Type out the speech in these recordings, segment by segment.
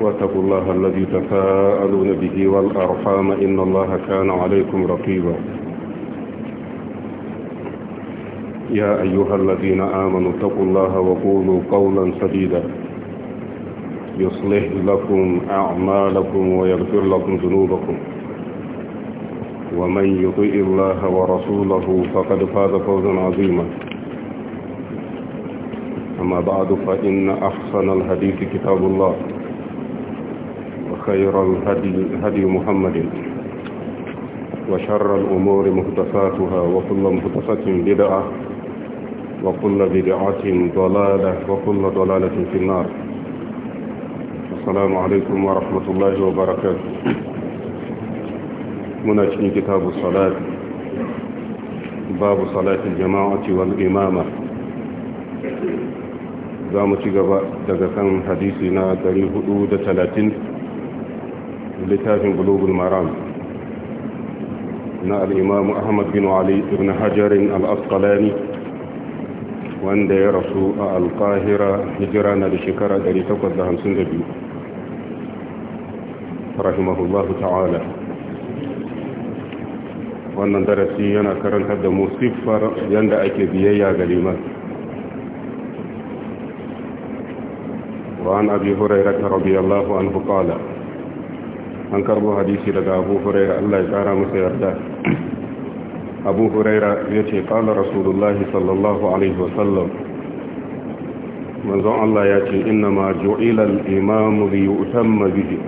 واتقوا الله الذي تساءلون به والأرحام إن الله كان عليكم رقيبا يا أيها الذين آمنوا اتقوا الله وقولوا قولا سديدا يصلح لكم أعمالكم ويغفر لكم ذنوبكم ومن يطئ الله ورسوله فقد فاز فوزا عظيما أما بعد فإن أحسن الحديث كتاب الله وخير الهدي هدي محمد وشر الأمور مهدفاتها وكل مهدفة بدعة وكل بدعة ضلالة وكل ضلالة في النار السلام عليكم ورحمة الله وبركاته منجم كتاب الصلاة باب صلاة الجماعة والإمامة za mu ci كان حديثنا littafin global maram na al'imamu ahmad bin Wali ibn hajarin al'asqalani wanda ya rasu a alkahira hijira na da shekara 852 rahimahullahu ta'ala wannan darasi yana karantar da mu siffar yadda ake biyayya ga liman وعن أبي هريرة رضي الله عنه قال an karbo hadisi daga abu huraira Allah ya kara masa yarda abu huraira ya ce kala rasulullahi sallallahu alaihi wasallam manzon Allah ya ce inna ma ju'ila imamu li yutamma bihi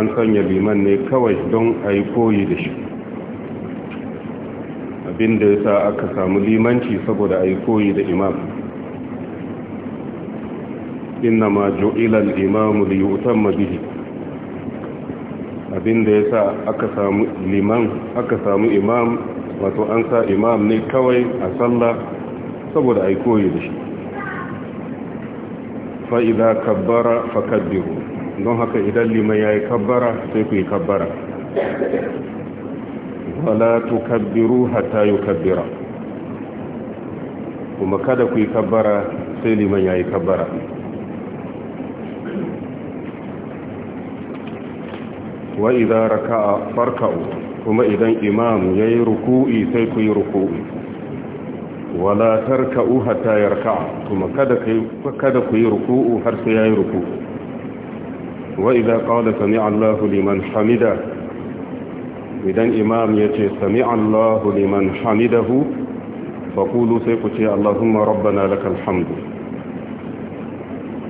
an sanya liman ne kawai don ayi koyi da shi abinda yasa aka samu limanci saboda ayi koyi da imam innama ju'ila al-imam li yutamma bihi abinda yasa aka samu liman aka samu imam wato an sa imam ne kawai a sallah saboda a yi koyi da shi Fa'ida idza kabbara fakabbiru don haka idan liman ya yi kabbara sai ku yi kabbara wala tukabbiru hatta kabbira. kuma kada ku yi kabbara sai liman ya yi kabbara wa idza raka'a farka'u kuma idan imam yayi ruku'i sai ku yi ruku'i wala tarka'u hatta yarka'a kuma kada kai kada ku yi ruku'u har sai yayi ruku'u wa idza qala sami'a Allahu liman hamida idan imam yace sami'a Allahu liman hamidahu faqulu sai ku ce Allahumma rabbana lakal hamdu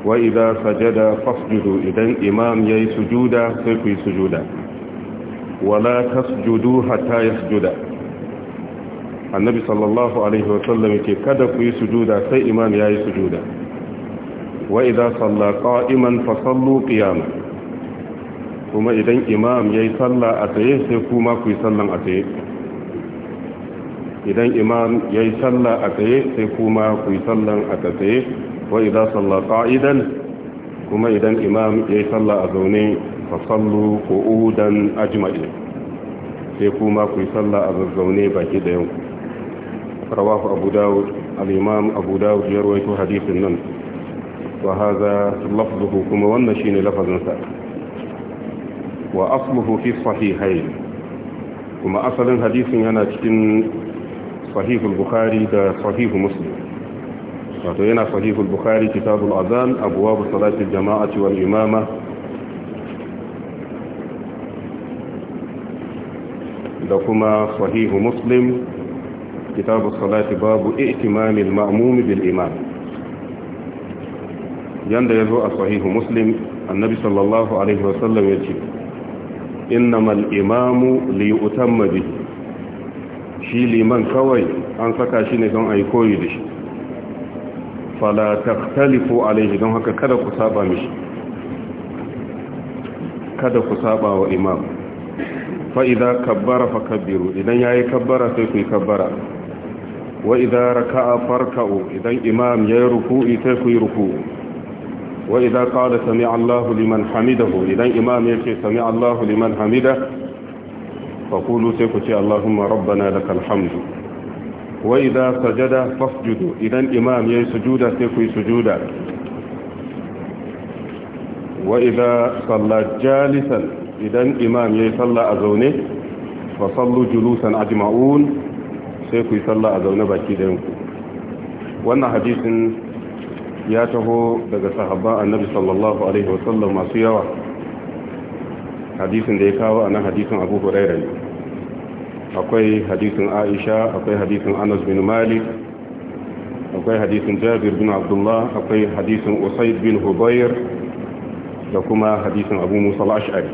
wa idza sajada fasjudu idan imam ya yayi sujuda sai ku yi sujuda wala tasjudu hatta yasjuda annabi sallallahu alaihi wasallam ke, kada ku yi sujuda sai imam ya yayi sujuda wa idza salla qa'iman fasallu ƙiyama. kuma idan imam yayi salla a tsaye sai kuma ku yi sallan a tsaye idan imam yayi salla a tsaye sai kuma ku yi sallan a tsaye wa idan salla qa'idan kuma idan imam ya yi salla a zaune fa sallu qu'udan ajma'i sai kuma ku yi salla a zaune baki da yanku rawahu abu dawud al-imam abu dawud ya rawaito hadisin nan kuma wannan shine lafazin sa wa kuma asalin hadisin yana cikin sahihul bukhari da sahihu wato yana sahihul bukhari kitabul azan abwabu salati jama'a wal imama da kuma sahihu muslim kitabu salati babu i'timamil ma'mum bil imam ya zo a sahihu muslim annabi sallallahu alaihi wasallam ya yace innamal imamu li yutamma bihi shi liman kawai an saka shi ne don a yi koyi da shi fala takhtalifu alaihi don haka kada ku saba mishi kada ku saba wa imam fa idza kabbara fakabbiru idan yayi kabbara sai ku yi kabbara wa idza raka'a farka'u idan imam yayi ruku'i sai ku yi ruku'u wa idza qala sami'a Allahu liman hamidahu idan imam yace sami'a Allahu liman hamida fa qulu sai ku ce Allahumma rabbana lakal hamdu wa idza sajada fasjudu idan imam yayi sujuda sai ku yi sujuda wa idza salla jalisan idan imam yi salla a zaune fasallu sallu julusan ajma'un sai ku yi salla a zaune baki da yanku wannan hadisin ya taho daga sahabban annabi sallallahu alaihi wasallam masu yawa hadisin da ya kawo anan hadisin abu hurairah ne akwai hadisin aisha akwai hadisin anas bin malik akwai hadisin jabir bin abdullah akwai hadisin usaid bin hubayr da kuma hadisin abu musa al'ash'ari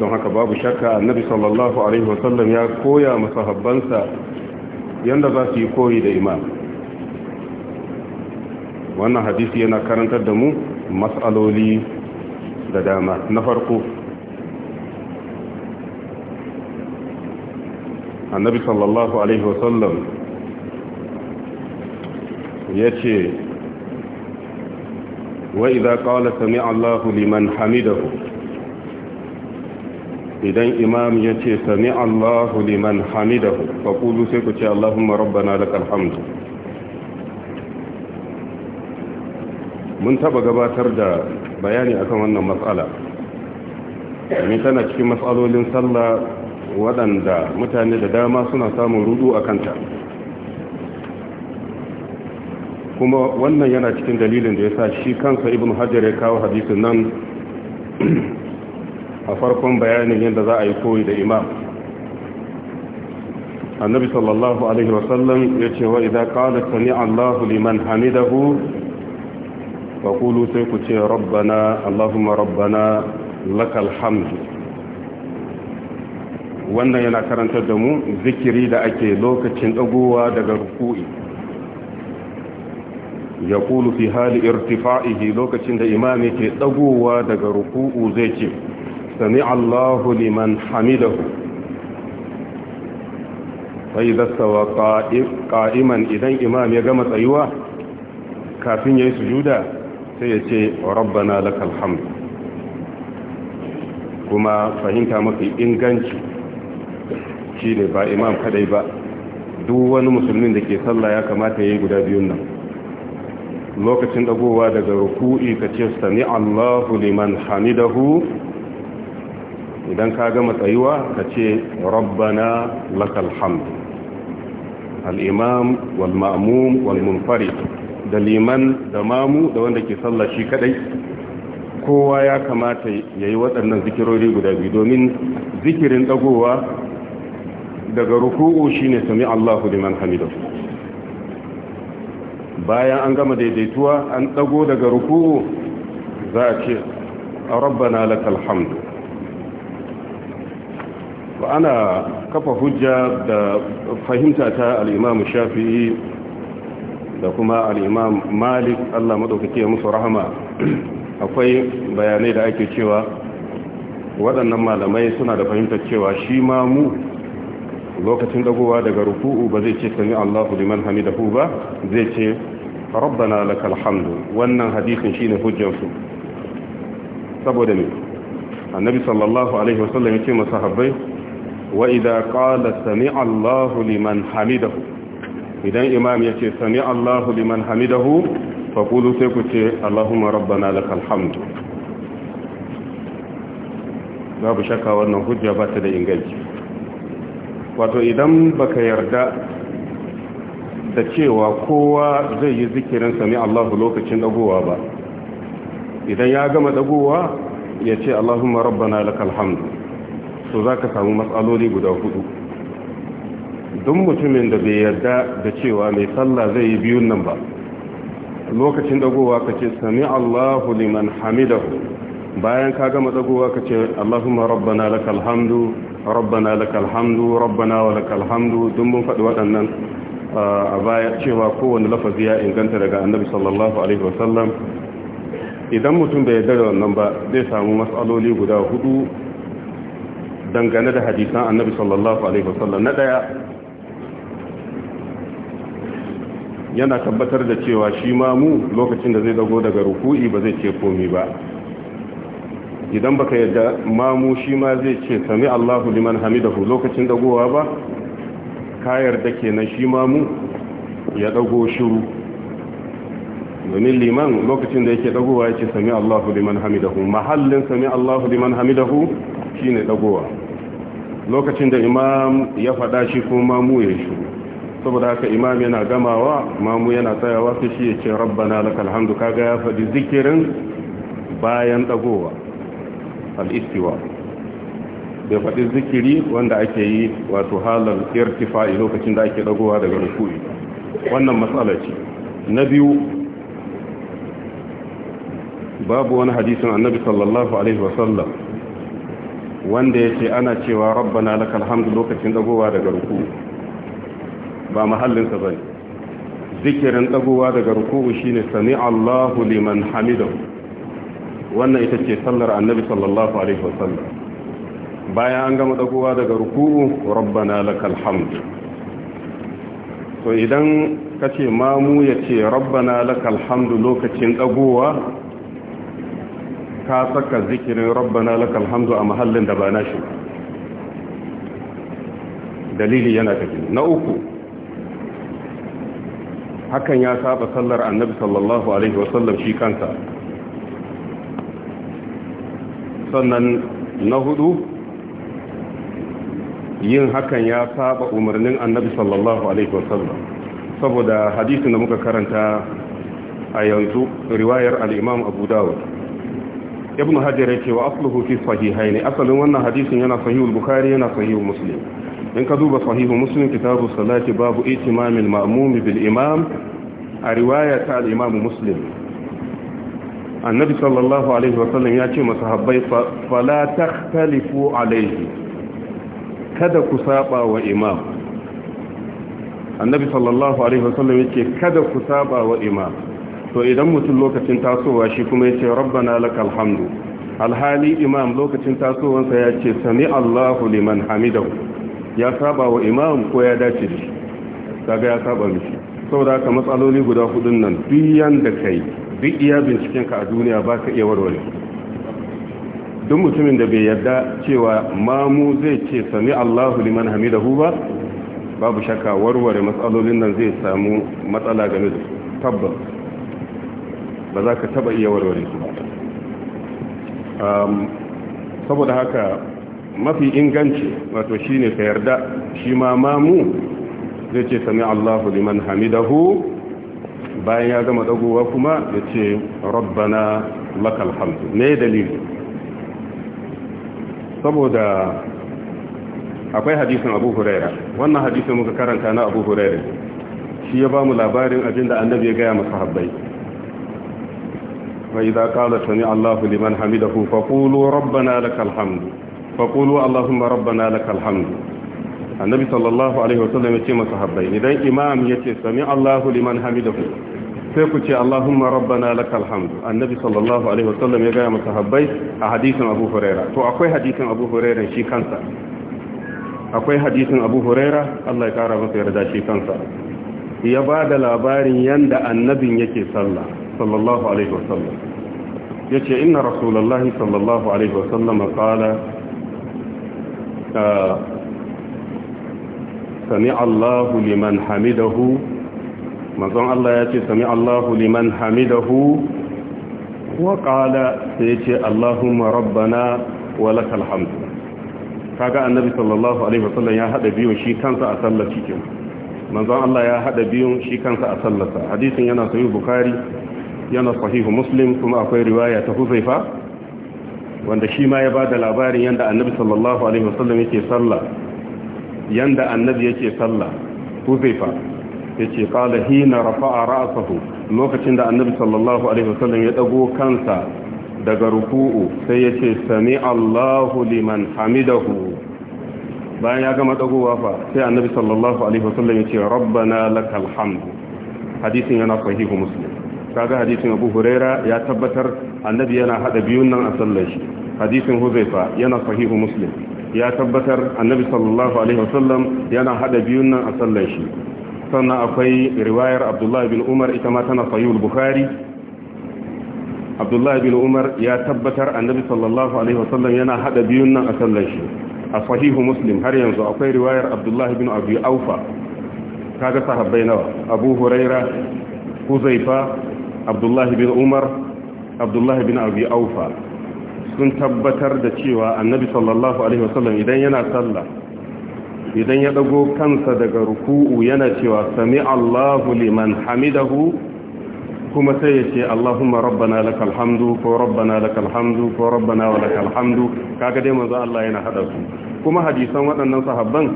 don haka babu shakka annabi sallallahu alaihi wasallam ya koya masahabbansa yadda za su yi koyi da imam wannan hadisi yana karantar da mu matsaloli da dama na farko annabi sallallahu alaihi wasallam ya ce wa idza qala sami'a Allahu liman hamidahu idan imam ya ce sami'a Allahu liman hamidahu fa qulu sai ku ce Allahumma rabbana lakal hamd mun taba gabatar da bayani akan wannan matsala domin tana cikin matsalolin sallah waɗanda mutane da dama suna samun rudu a kanta kuma wannan yana cikin dalilin da ya sa shi kansa ibn hajjar ya kawo hadisin nan a farkon bayanin yadda za a yi koyi da imam annabi sallallahu alaihi wasallam ya ce wa idan qala sami allahu liman hamidahu fa sai ku ce rabbana allahumma rabbana lakal hamdu wannan yana karantar da mu zikiri da ake lokacin dagowa daga ruku'i ya kulu fi hali irtifa'ihi lokacin da imami ke dagowa daga ruku'u zai ce sami allahu liman hamidahu sai wa ka'iman idan imam ya gama tsayuwa kafin ya yi sujuda sai ya ce rabbana lakal kuma fahimta mafi inganci shi ne ba imam kadai ba duk wani musulmin da ke sallah ya kamata ya yi guda biyun nan lokacin dagowa daga ruku'i ka ce sami allahu liman hamidahu idan ka gama tsayuwa ka ce rabbana lakal hamd al-imam wal ma'mum wal munfari da liman da mamu da wanda ke sallah shi kadai kowa ya kamata ya yi waɗannan zikirori guda biyu domin zikirin dagowa. daga ruku'u shine sami Allahu liman hamidahu bayan an gama daidaituwa an dago daga ruku'u za a ce rabbana lakal hamdu wa ana kafa hujja da fahimta ta al-Imam Shafi'i da kuma al-Imam Malik Allah madaukake musu rahama akwai bayanai da ake cewa waɗannan malamai suna da fahimtar cewa shi ma mu lokacin dagowa daga ruku'u ba zai ce sami Allahu liman hamidahu ba zai ce rabbana lakal hamdu wannan hadisin shine hujjar su saboda ne annabi sallallahu alaihi wasallam yace masahabbai wa idza qala sami Allahu liman hamidahu idan imam yace sami Allahu liman hamidahu fa qulu sai ku ce Allahumma rabbana lakal hamdu babu shakka wannan hujja ba ta da inganci wato idan baka yarda da cewa kowa zai yi zikirin sami Allahu lokacin dagowa ba idan ya gama dagowa ya ce Allahumma rabbana lakal hamdu so zaka samu matsaloli guda hudu duk mutumin da bai yarda da cewa mai sallah zai yi biyun nan ba lokacin dagowa ka ce sami Allahu liman hamidahu bayan ka gama dagowa ka ce Allahumma rabbana lakal alhamdu. rabbana lakal hamdu rabbana lakal hamdu dun faɗi waɗannan a baya cewa kowane lafazi ya inganta daga annabi sallallahu alaihi wasallam idan mutum bai dare wannan ba zai samu matsaloli guda hudu dangane da hadisan annabi sallallahu alaihi wasallam na daya yana tabbatar da cewa shi ma mu lokacin da zai dago daga ruku'i ba zai ce komai ba idan baka yadda mamu shi ma zai ce sami Allahu liman hamidahu lokacin dagowa ba ka yarda kenan shi mamu ya dago shiru domin liman lokacin da yake dagowa ya ce sami Allahu liman hamidahu mahallin sami Allahu liman hamidahu shine dagowa lokacin da imam ya fada shi ko mamu ya shiru saboda haka imam yana gamawa mamu yana tsayawa sai shi ya ce rabbana lakal hamdu kaga ya faɗi zikirin bayan dagowa Al'istiwa. da bai faɗi zikiri wanda ake yi wato halar irtifa'i lokacin da ake dagowa daga rukuri wannan matsala ce na biyu babu wani hadisun annabi sallallahu alaihi wasallam wanda ya ce ana cewa rabbana laka alhamdu lokacin dagowa daga rukuri ba mahallinsa ne. zikirin dagowa daga shi shine sami Allahu liman hamidahu wannan ita ce sallar annabi sallallahu alaihi wasallam bayan an gama dagowa daga ruku'u rabbana lakal hamd to idan kace mamu yace rabbana lakal hamd lokacin dagowa ka saka zikirin rabbana lakal hamd a mahallin da ba nashi dalili yana take na uku hakan ya saba sallar annabi sallallahu alaihi wasallam shi kanta. sannan na hudu yin hakan ya saba umarnin annabi sallallahu alaihi wasallam saboda hadisin da muka karanta a yanzu riwayar al-imam abu dawud ibn hajar yake wa asluhu fi sahihaini asalin wannan hadisin yana sahihul bukhari yana sahihul muslim in ka duba sahihu muslim kitabu salati babu itimamin ma'mum bil imam a riwaya ta al-imam muslim annabi sallallahu alaihi wasallam ya ce masahabbai fala takhtalifu alaihi kada ku saba wa imam annabi sallallahu alaihi wasallam yake kada ku saba wa imam to idan mutum lokacin tasowa shi kuma yace rabbana lakal hamdu alhali imam lokacin tasowansa yace sami Allahu liman hamidahu ya saba wa imam ko ya dace da shi kaga ya saba mishi saboda haka matsaloli guda hudun nan duk yanda kai duk iya binciken ka a duniya ba ka iya warware duk mutumin da bai yarda cewa mamu zai ce sami allahu liman hamidahu ba babu shakka warware matsalolin nan zai samu matsala game da tabbas ba za ka taba iya warware su ba saboda haka mafi inganci wato shine ka yarda shi ma mamu zai ce sami allahu liman hamidahu bayan ya gama dagowa kuma ya ce rabbana lakal hamdu ne dalili saboda akwai hadisin abu huraira wannan hadisin muka karanta na abu huraira shi ya ba mu labarin abinda annabi ya gaya masa habbai فإذا قال سمع الله لمن حمده فقولوا ربنا لك الحمد faqulu allahumma rabbana لك annabi sallallahu alaihi wasallam ya ce masa habbai idan imam ya ce sami Allahu liman hamidahu sai ku ce Allahumma rabbana lakal hamdu annabi sallallahu alaihi wasallam ya ga masa habbai a hadisin Abu Huraira to akwai hadisin Abu Huraira shi kansa akwai hadisin Abu Huraira Allah ya kara masa yarda shi kansa ya ba da labarin yanda annabin yake sallah sallallahu alaihi wasallam yace inna rasulullahi sallallahu alaihi wasallam qala uh, sami Allahu liman hamidahu manzon Allah ya ce sami Allahu liman hamidahu wa kala sai ya ce Allahumma rabbana wa lakal hamd kaga annabi sallallahu alaihi wasallam ya hada biyun shi kansa a sallar cikin manzon Allah ya hada biyun shi kansa a sallarsa hadisin yana sahih bukhari yana sahihu muslim kuma akwai riwaya ta huzaifa wanda shi ma ya ba da labarin yadda annabi sallallahu alaihi wasallam yake sallah yanda annabi yake sallah huzaifa yace kala hina rafa'a ra'sahu lokacin da annabi sallallahu alaihi wasallam ya dago kansa daga ruku'u sai yace sami Allahu liman hamidahu bayan ya gama dagowa fa sai annabi sallallahu alaihi wasallam ce rabbana lakal hamd hadisin yana sahihu muslim kaga hadisin Abu Huraira ya tabbatar annabi yana hada biyun nan a sallar shi hadisin Huzaifa yana sahihu muslim ya tabbatar annabi sallallahu alaihi wasallam yana hada biyun nan a sallan shi sannan akwai riwayar abdullahi bin umar ita ma tana sayyul bukhari abdullahi bin umar ya tabbatar annabi sallallahu alaihi wasallam yana hada biyun nan a sallan shi a sahihu muslim har yanzu akwai riwayar abdullahi bin abu aufa kaga sahabbai nawa abu huraira huzaifa abdullahi bin umar abdullahi bin abu aufa sun tabbatar da cewa annabi sallallahu alaihi wasallam idan yana sallah idan ya dago kansa daga ruku'u yana cewa sami Allahu liman hamidahu kuma sai ya ce Allahumma rabbana lakal hamdu ko rabbana lakal hamdu ko rabbana wa lakal hamdu kaga dai manzo Allah yana hada su kuma hadisan waɗannan sahabban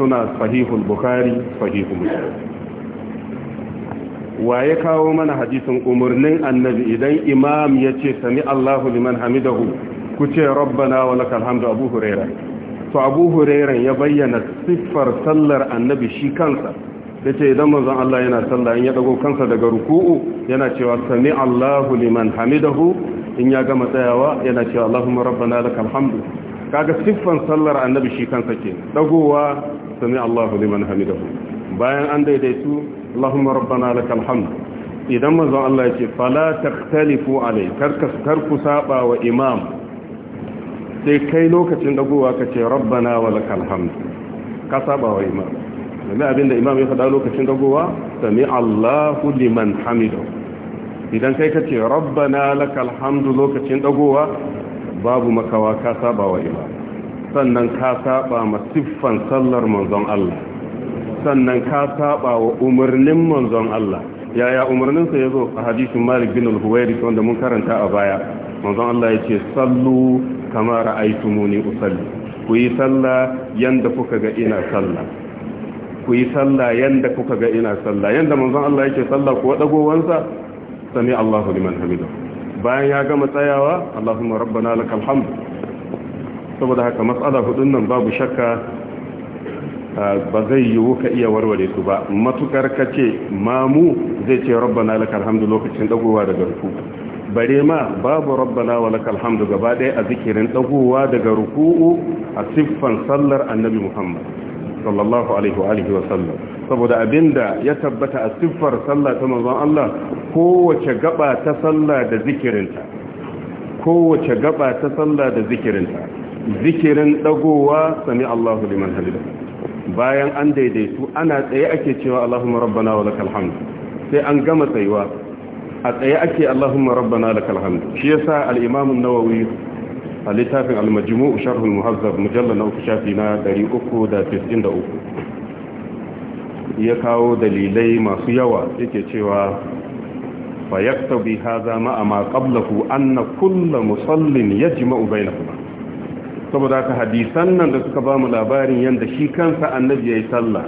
suna sahihul bukhari sahihu muslim waye kawo mana hadisin umarnin annabi idan imam ya ce sami Allahu liman hamidahu ku ce rabbana wa laka alhamdu abu huraira to abu huraira ya bayyana siffar sallar annabi shi kansa ce idan mazan Allah yana sallah in ya dago kansa daga ruku'u yana cewa sami Allahu liman hamidahu in ya gama tsayawa yana cewa Allahumma rabbana laka alhamdu kaga siffan sallar annabi shi kansa ke dagowa sami Allahu liman hamidahu bayan an daidaitu اللهم ربنا لك الحمد إذا ما زال الله يقول فلا تختلفوا karku كركس wa imam sai kai lokacin dagowa ka ce rabbana wa lakal hamd ka saba wa imam domin abinda imam ya faɗa lokacin dagowa sami Allahu liman hamidu idan kai ka ce rabbana lakal hamdu lokacin dagowa babu makawa ka saba wa imam sannan ka saba ma siffan sallar manzon Allah sannan ka saba wa umarnin manzon Allah yaya umarninsa ya zo a hadisin malik bin al-huwairi wanda mun karanta a baya manzon Allah yace sallu kama ra'aytumuni usalli ku yi sallah yanda kuka ga ina sallah ku yi sallah yanda kuka ga ina sallah yanda manzon Allah yake sallah ku wansa sami Allahu liman hamida bayan ya gama tsayawa Allahumma rabbana lakal hamd saboda haka mas'ala hudun nan babu shakka ba zai yiwu ka iya warware su ba matukar ka ce mamu zai ce rabbana laka alhamdu lokacin dagowa daga ruku bare ma babu rabbana wa laka alhamdu gaba ɗaya a zikirin dagowa daga ruku'u a siffan sallar annabi muhammad sallallahu alaihi wa alihi wa sallam saboda abinda ya tabbata a siffar sallah ta manzon Allah kowace gaba ta sallah da zikirinta kowace gaba ta sallah da zikirinta zikirin dagowa sami Allahu liman halidah bayan an daidaitu ana tsaye ake cewa Allahumma rabbana wa lakal hamd sai an gama tsayuwa a tsaye ake Allahumma rabbana lakal hamd shi yasa al-Imam an-Nawawi a littafin al-Majmu' sharh al-Muhazzab mujallal na shafi na 393 ya kawo dalilai masu yawa yake cewa fa yaktabi hadha ma'a ma qablahu anna kullu musallin yajma'u bainahum saboda ka hadisan nan da suka ba mu labarin yadda shi kansa annabi ya yi sallah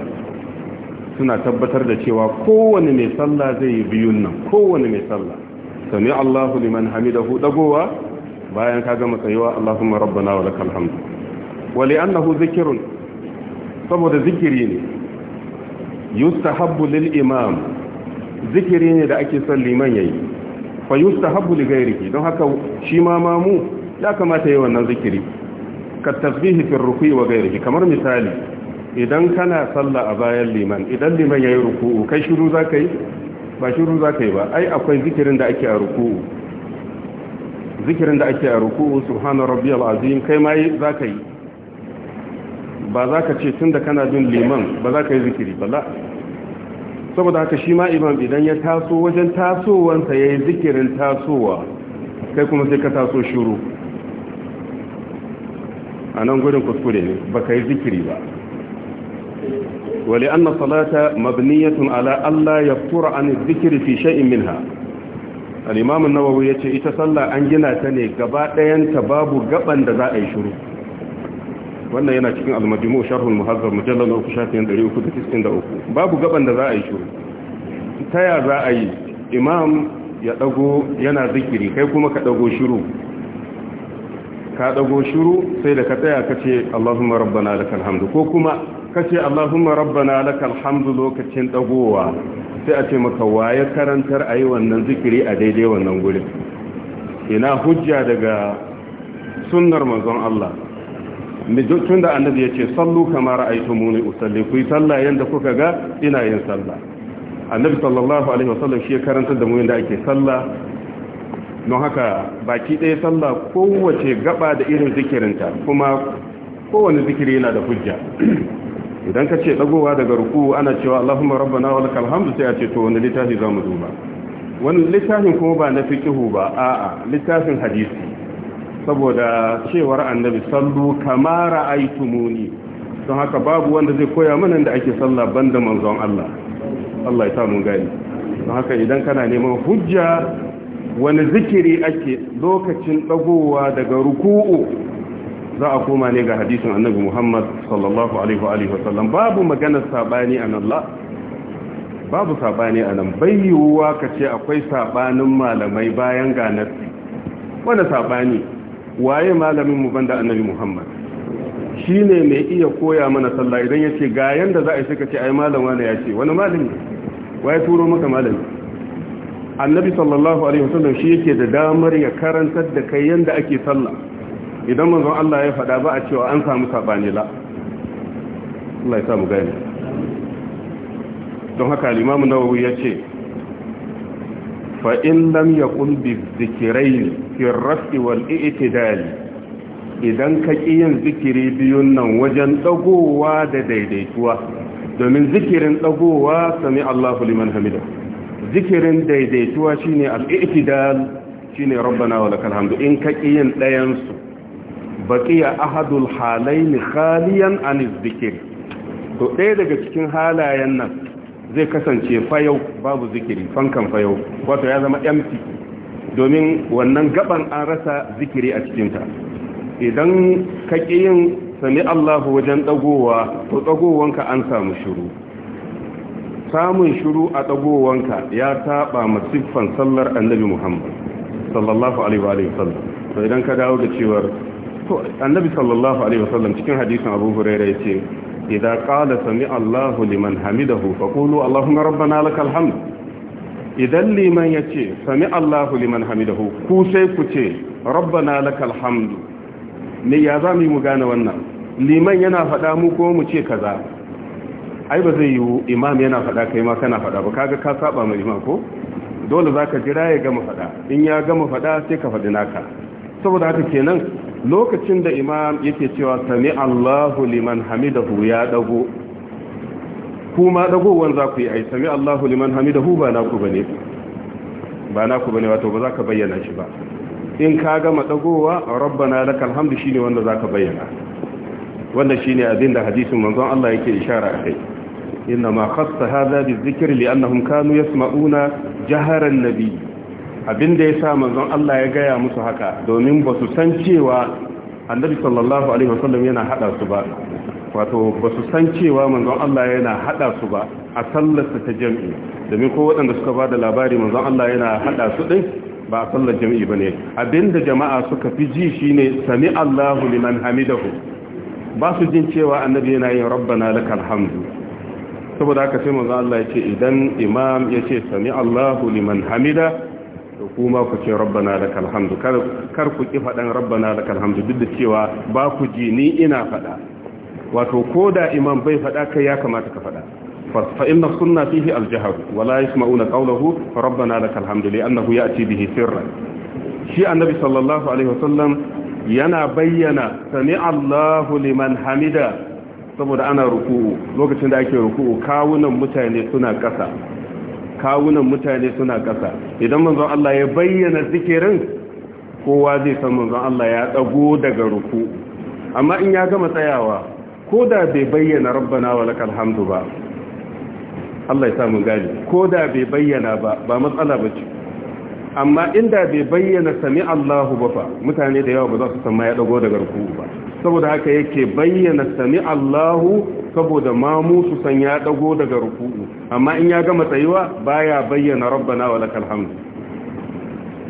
suna tabbatar da cewa kowane mai sallah zai yi biyun nan kowane mai sallah sami allahu liman hamidahu dagowa bayan ka gama tsayuwa allahumma rabbana wa lakal hamdu wa li'annahu zikirun saboda zikiri ne yustahabbu lil imam zikiri ne da ake son liman yayi fa yustahabbu li ghairihi don haka shi ma mamu ya kamata yayi wannan zikiri ka tasbihi fi ruku'i wa ghairihi kamar misali idan kana sallah a bayan liman idan liman yayi ruku'u kai shiru zaka yi ba shiru zaka yi ba ai akwai zikirin da ake a ruku'u zikirin da ake a ruku'u subhana rabbiyal azim kai ma zaka yi ba za ka ce tun da kana bin liman ba za ka yi zikiri ba saboda haka shi ma imam idan ya taso wajen tasowansa ya yi zikirin tasowa kai kuma sai ka taso shiru a nan gudun kuskure ne ba ka yi zikiri ba wali annan salata mabniyatun ala Allah ya fura an zikiri fi sha'in min ha? Alimamin nawawu ya ce ita sallah an gina ta ne gaba ɗayanta babu gaban da za a yi shuru. wannan yana cikin mujallar al-majmu' uku da muhazzab da uku. babu gaban da za a yi shuru. ta ya za a yi imam ya ɗago yana zikiri kai kuma ka ɗago shiru ka dago shiru sai da ka tsaya ka ce Allahumma rabbana lakal hamdu ko kuma ka ce Allahumma rabbana lakal hamdu lokacin dagowa sai a ce maka waye karantar ayi wannan zikiri a daidai wannan gurin ina hujja daga sunnar manzon Allah tun da annabi ya ce sallu kamar aitumuni usalli ku yi sallah yadda kuka ga ina yin sallah annabi sallallahu alaihi wasallam shi ya karanta da mu yadda ake sallah don haka baki ɗaya sallah kowace gaba da irin zikirinta kuma kowane zikiri yana da hujja idan ka ce dagowa daga ruku ana cewa Allahumma rabbana wa lakal hamdu sai a ce to wani littafi za zo ba wani littafin kuma ba na fi kihu ba a'a littafin hadisi saboda cewar annabi sallu kama ra'aytumuni don haka babu wanda zai koya mana da ake sallah banda manzon Allah Allah ya sa mun gani don haka idan kana neman hujja wani zikiri ake lokacin dagowa daga ruku'u za a koma ne ga hadisun annabi Muhammad sallallahu alaihi wa sallam babu maganar sabani nan la babu sabani anan bayyuwa ce akwai sabanin malamai bayan ganar. wani sabani waye malamin mu banda annabi Muhammad shi ne mai iya koya mana sallah idan ya ce ga yanda za a yi suka ce ai malama ya yace wani malami waye turo maka malami annabi sallallahu alaihi wasallam shi yake da damar ya karantar da kai yanda ake sallah idan manzon Allah ya faɗa ba a cewa an samu sabani la Allah ya samu gani don haka al-Imam Nawawi yace fa in lam yaqul bi dhikrayn fi ar-raf'i wal-i'tidal idan ka yin zikiri biyun nan wajen dagowa da daidaituwa domin zikirin dagowa sami Allahu liman hamidah zikirin daidaituwa shine al shi ne rabbana wa lakal hamdu in ka yin dayan su baqiya ahadul ne khaliyan an zikir to ɗaya daga cikin halayen nan zai kasance fayau babu zikiri fankan fayau wato ya zama empty domin wannan gaban an rasa zikiri a cikinta idan ka yin sami Allahu wajen dagowa to dagowanka an samu shiru samun shiru a ɗagowanka ya taɓa masiffan sallar annabi muhammad sallallahu alaihi wa sallam to idan ka dawo da cewar to annabi sallallahu alaihi wa sallam cikin hadisin abu hurairah yace idza idan sami allahu liman hamidahu faƙulu allahumma rabbana lakal hamd idan liman yace sami allahu liman hamidahu ku sai ku ce rabbana lakal hamd ne ya za mu gane wannan liman yana faɗa mu ko mu ce kaza ai ba zai yiwu imam yana faɗa kai ma kana faɗa ba kaga ka saba ma imam ko dole zaka jira ya gama faɗa in ya gama faɗa sai ka faɗi naka saboda haka kenan lokacin da imam yake cewa sami Allahu liman hamidahu ya dago kuma dagowan za ku yi ai sami Allahu liman hamidahu ba naku bane ba ku bane wato ba za ka bayyana shi ba in ka gama dagowa rabbana lakal hamdu shine wanda za ka bayyana wannan shine abin da hadisin manzon Allah yake ishara a kai إنما خص هذا بالذكر لأنهم كانوا يسمعون جهر النبي abin da ya sa manzon Allah ya gaya musu haka domin ba su san cewa annabi sallallahu alaihi wasallam yana hada su ba wato ba su san cewa manzon Allah yana hada su ba a sallarsa ta jami'i domin ko waɗanda suka ba da labari manzon Allah yana hada su din ba a sallar jami'i ba ne. abinda jama'a suka fi ji shine sami Allahu liman hamidahu ba su jin cewa annabi yana yin rabbana lakal hamdu saboda haka sai manzo Allah ya ce idan imam yace ce sami Allahu liman hamida to kuma ku ce rabbana lakal hamdu kar kar ku ki fadan rabbana lakal hamdu duk da cewa ba ku ji ni ina fada wato koda imam bai fada kai ya kamata ka fada fa inna sunna fihi aljahr wala yasma'una qawluhu rabbana lakal hamdu li'annahu ya'ti bihi sirran shi annabi sallallahu alaihi wasallam yana bayyana sami Allahu liman hamida saboda ana ruku'u lokacin da ake ruku'u kawunan mutane suna ƙasa kawunan mutane suna ƙasa idan manzon Allah ya bayyana zikirin kowa zai san manzon Allah ya dago daga ruku'u amma in ya gama tsayawa ko da bai bayyana rabbana walakal hamdu ba Allah ya samu gani ko da bai bayyana ba ba matsala ba ce amma inda bai bayyana sami Allahu ba fa mutane da yawa ba za su san ma ya dago daga ruku'u ba saboda haka yake bayyana sami Allahu saboda mamu su san ya dago daga ruku'u amma in ya gama tsayuwa baya bayyana rabbana wa lakal hamd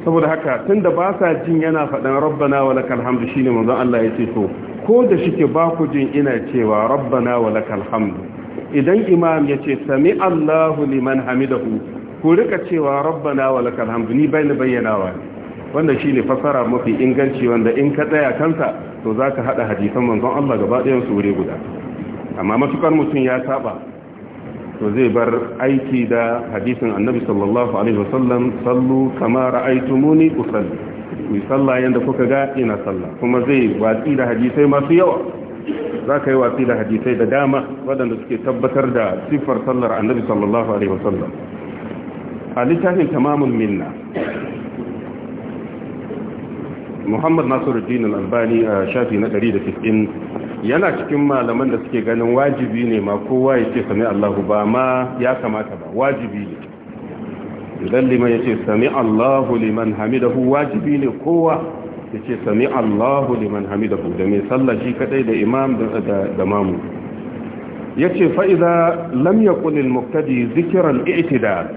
saboda haka tunda ba sa jin yana faɗan rabbana wa lakal hamd shine manzon Allah ya ce to ko da shike ba ku jin ina cewa rabbana wa lakal hamd idan imam yace ce sami Allahu liman hamidahu ku rika cewa rabbana wa lakal hamd ni bayyana bayyanawa ne wanda shi ne fasara mafi inganci wanda in ka tsaya kansa to za ka haɗa hadisan manzon Allah gaba ɗayan su wuri guda amma matukar mutum ya saba to zai bar aiki da hadisin annabi sallallahu alaihi wasallam sallu kama muni usalli ku sallah yanda kuka ga ina sallah kuma zai watsi da hadisai masu yawa za ka yi watsi da hadisai da dama waɗanda suke tabbatar da siffar sallar annabi sallallahu alaihi wasallam a littafin tamamin minna muhammad nasiruddin al-albani a shafi na 190 yana cikin malaman da suke ganin wajibi ne ma kowa ya ce sami allahu ba ma ya kamata ba wajibi ne idan liman ya ce sami allahu liman hamidahu wajibi ne kowa ya ce sami allahu liman hamidahu da mai sallashi kadai da imam da mamu ya ce fa'iza lam ya kunil muktadi zikirar itidal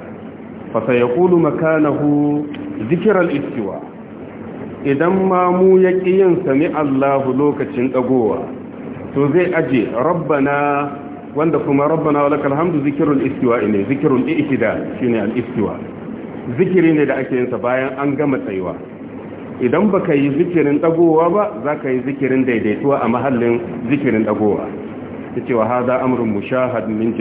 fasa ya kulu makanahu zikirar istiwa idan mamu ya ƙi yin sami Allahu lokacin ɗagowa to zai aje rabbana wanda kuma rabbana wa lakal alhamdu zikirul istiwa ne zikirul ihtida shine al zikiri ne da ake yinsa bayan an gama tsayuwa idan baka yi zikirin dagowa ba zaka yi zikirin daidaituwa a mahallin zikirin dagowa yace wa hada amrun mushahad min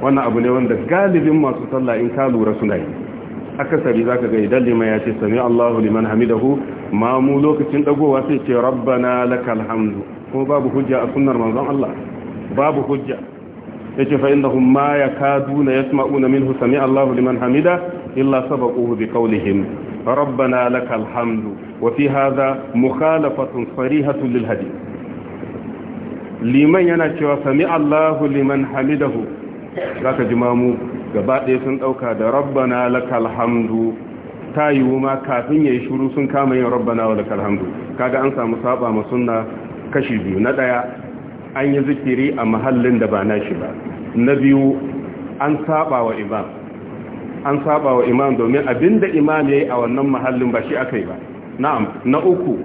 wannan abu ne wanda galibin masu sallah in ka lura suna yi akasari zaka ga idan liman ya ce sami Allahu liman hamidahu ma mu lokacin dagowa sai ce rabbana lakal hamdu ko babu hujja a sunnar manzon Allah babu hujja yace fa innahum ma yakaduna yasma'una minhu sami Allahu liman hamida illa sabaquhu biqawlihim rabbana lakal hamdu wa fi hadha mukhalafatun sarihatun lil hadith liman yana cewa sami Allahu liman hamidahu zaka ji mamu gaba ɗaya sun ɗauka da rabbana lakal hamdu ta yiwu ma kafin ya yi shuru sun kama yin rabbana wa lakal hamdu kaga an samu saba ma suna kashi biyu na ɗaya an yi zikiri a mahallin da ba na shi ba na biyu an saba wa imam an saba wa imam domin abinda imam ya yi a wannan mahallin ba shi aka yi ba na'am na uku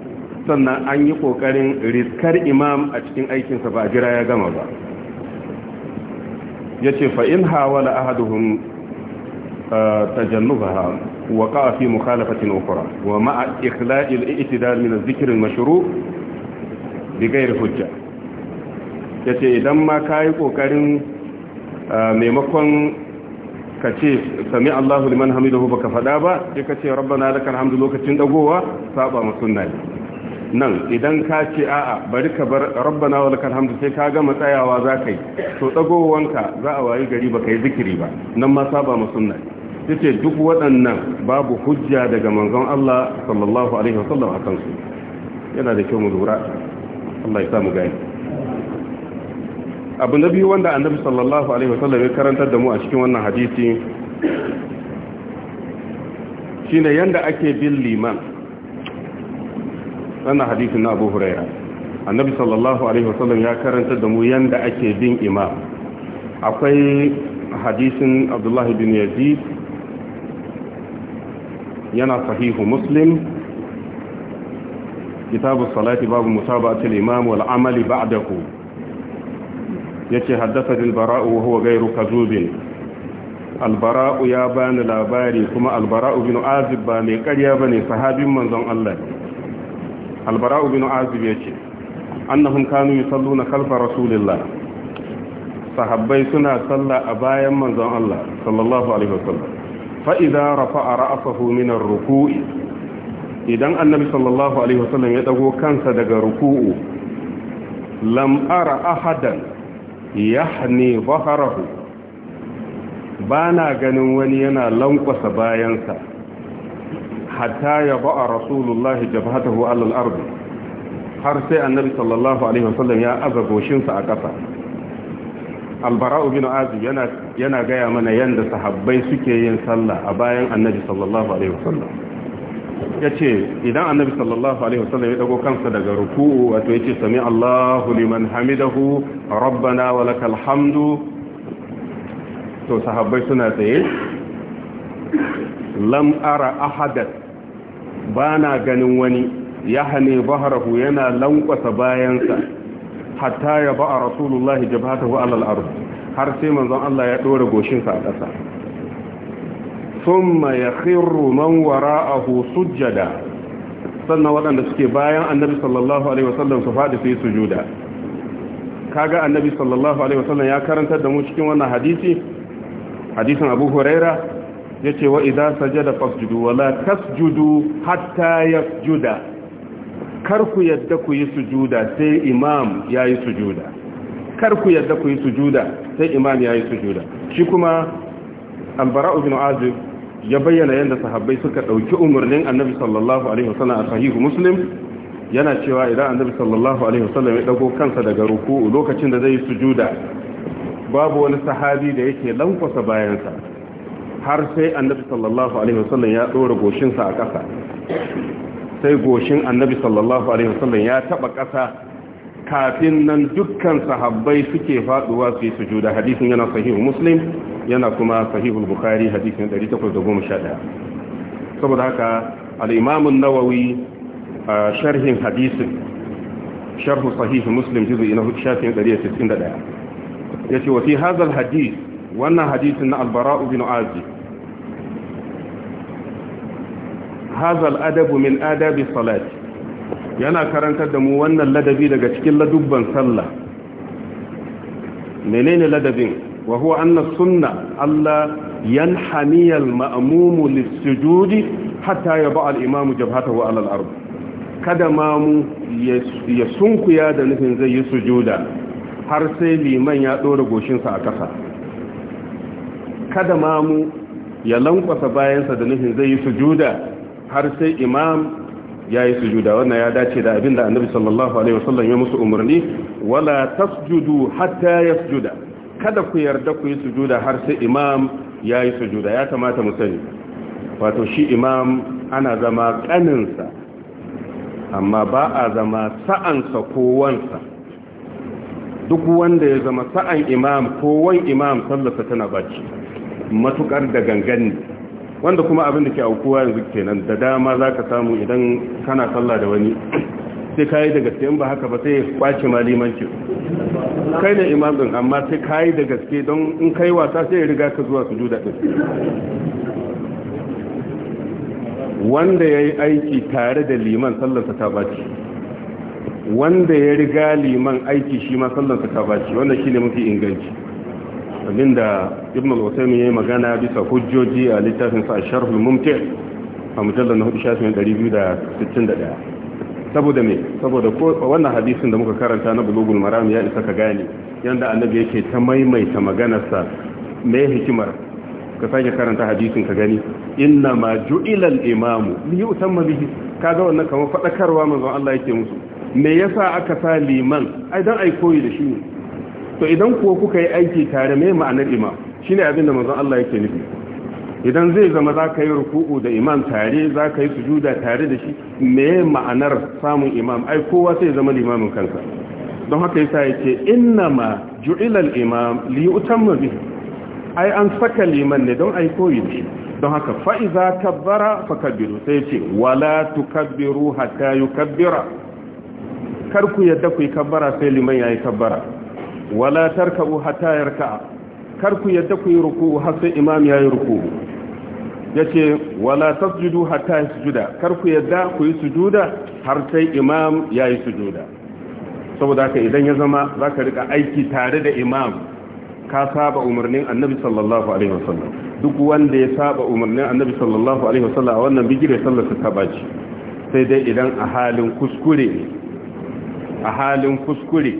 sannan an yi kokarin riskar imam a cikin aikinsa ba jira ya gama ba yace fa in hawala ahaduhum uh, tajannubaha وقع في مخالفة أخرى ومع إخلاء الاعتدال من الذكر المشروع hujja ya yace idan ma ka yi ƙoƙarin uh, maimakon ka ce sami Allahu liman ba baka faɗa ba sai ka ce na lakal hamdu lokacin ɗagowa saba ma sunna nan idan ka ce a'a bari ka bar rabbana wa lakal hamdu sai ka gama tsayawa za ka yi to dagowanka za a wayi gari ba ka yi zikiri ba nan ma saba mu sunna yace duk waɗannan babu hujja daga manzon Allah sallallahu alaihi wasallam akan su yana da kyau mu lura Allah ya sa mu gani abu na biyu wanda annabi sallallahu alaihi wasallam ya karantar da mu a cikin wannan hadisi shine yanda ake bin liman wannan hadisin na abu huraira annabi sallallahu alaihi wasallam ya karanta da mu yanda ake bin imam akwai hadisin abdullahi bin yazid yana sahihu muslim kitabu salati babu musaba'ati al-imam wal amali ba'dahu yace haddatha al-bara'u wa huwa ghayru kazubin al-bara'u ya bani labari kuma al-bara'u bin azib ba mai ƙarya bane sahabin manzon Allah albara'u bin azib ce, annahum kanu yusalluna khalfa rasulillah sahabbai suna salla a bayan manzon Allah sallallahu alaihi wasallam fa idza rafa'a ra'sahu min ar-ruku'i idan annabi sallallahu alaihi wasallam ya dago kansa daga ruku'u lam ara ahadan yahni dhahrahu bana ganin wani yana lankwasa bayansa hatta ya ba'a rasulullahi jabhatahu alal ardi har sai annabi sallallahu alaihi wasallam ya aza goshinsa a ƙasa albara'u bin azib yana yana gaya mana yanda sahabbai suke yin sallah a bayan annabi sallallahu alaihi wasallam yace idan annabi sallallahu alaihi wasallam ya dago kansa daga ruku'u wato yace sami Allahu liman hamidahu rabbana walakal hamdu to sahabbai suna tsaye lam ara ahadat ba na ganin wani ya hane baharahu yana lankwasa bayansa hatta ya ba a rasulullahi jabatahu alal arz har sai manzon Allah ya ɗora goshinsa a ƙasa thumma yakhiru man wara'ahu jada sannan waɗanda suke bayan annabi sallallahu alaihi wasallam su faɗi sai su juda sujuda kaga annabi sallallahu alaihi wasallam ya karantar da mu cikin wannan hadisi hadisin Abu Huraira yace wa idan idza da fasjudu wala tasjudu hatta yasjuda kar ku yadda ku yi sujuda sai imam ya yi sujuda kar ku yadda ku yi sujuda sai imam ya yayi sujuda shi kuma albara ibn azib ya bayyana yadda sahabbai suka ɗauki umarnin annabi sallallahu alaihi wasallam a sahihu muslim yana cewa idan annabi sallallahu alaihi wasallam ya dago kansa daga ruku lokacin da zai yi sujuda babu wani sahabi da yake lankwasa bayansa har sai annabi sallallahu alaihi wasallam ya dora goshinsa a ƙasa sai goshin annabi sallallahu alaihi wasallam ya taba ƙasa kafin nan dukkan sahabbai suke faduwa su yi sujuda hadisin yana sahihu muslim yana kuma sahihul bukhari hadisin 811 saboda haka al-imam an-nawawi sharhin hadisin sharh sahih muslim juz'i na 191 yace wa fi hadha al-hadith wannan hadisin na albara'u bin azi hazal adabu min adabi salat, yana karantar da mu wannan ladabi daga cikin ladubban sallah menene ladabin wa huwa anna sunna Allah yanhani al-ma'mum lis-sujudi hatta yaba al-imam jabhatahu ala al-ard kada mamu ya sunkuya da nufin zai yi sujuda har sai liman ya dora goshinsa a kasa kada mamu ya lankwasa bayansa da nufin zai yi sujuda har sai imam ya yi sujuda wannan ya dace da abin da annabi sallallahu alaihi wasallam ya musu umarni wala tasjudu hatta yasjuda kada ku yarda ku yi sujuda har sai imam ya yi sujuda ya kamata mu sani wato shi imam ana zama kaninsa amma ba a zama sa'ansa ko wansa duk wanda ya zama sa'an imam ko wan imam sallarsa tana baci matukar da gangan wanda kuma abin da ke aukuwa yanzu kenan da dama za ka samu idan kana sallah da wani sai ka yi da gaske in ba haka ba sai ya kwace ma limanci kai ne imamin amma sai ka yi da gaske don in kai wasa sai ya riga ka zuwa su juda ɗin wanda ya yi aiki tare da liman sallarsa ta ɓaci wanda ya riga liman aiki shi ma sallarsa ta ɓaci wanda shi ne mafi inganci da ibn al-usaymi ya yi magana bisa hujjoji a littafin sa sharh al-mumti a mujallal na 1261 saboda me saboda wannan hadisin da muka karanta na bulugul maram ya isa ka gane yanda annabi yake ta maimaita maganar me hikimar ka sake karanta hadisin ka gani inna ma ju'ila al-imam li yutamma bihi kaga wannan kamar fadakarwa manzon Allah yake musu me yasa aka sa liman ai dan ai koyi da shi to idan kuwa kuka yi aiki tare mai ma'anar imam shine abin da mazan Allah yake nufi idan zai zama za ka yi ruku'u da imam tare za ka yi sujuda tare da shi me ma'anar samun imam ai kowa sai zama limamin kansa don haka yasa yake ma ju'ilal imam li yutamma bihi ai an saka liman ne don ai koyi ne don haka fa iza kabbara Kabiru sai yace wala tukabbiru hatta yukabbira kar ku yadda ku yi kabbara sai liman ya yi kabbara wala tarkabu hatta yarka karku yadda ku yi ruku'u har sai imam yayi ruku'u yace wala tasjudu hatta yasjuda kar ku yadda ku yi sujuda har sai imam yayi sujuda saboda haka idan ya zama zaka rika aiki tare da imam ka saba umarnin annabi sallallahu alaihi wasallam duk wanda ya saba umarnin annabi sallallahu alaihi wasallam a wannan bigire sallar ta baci sai dai idan a halin kuskure a halin kuskure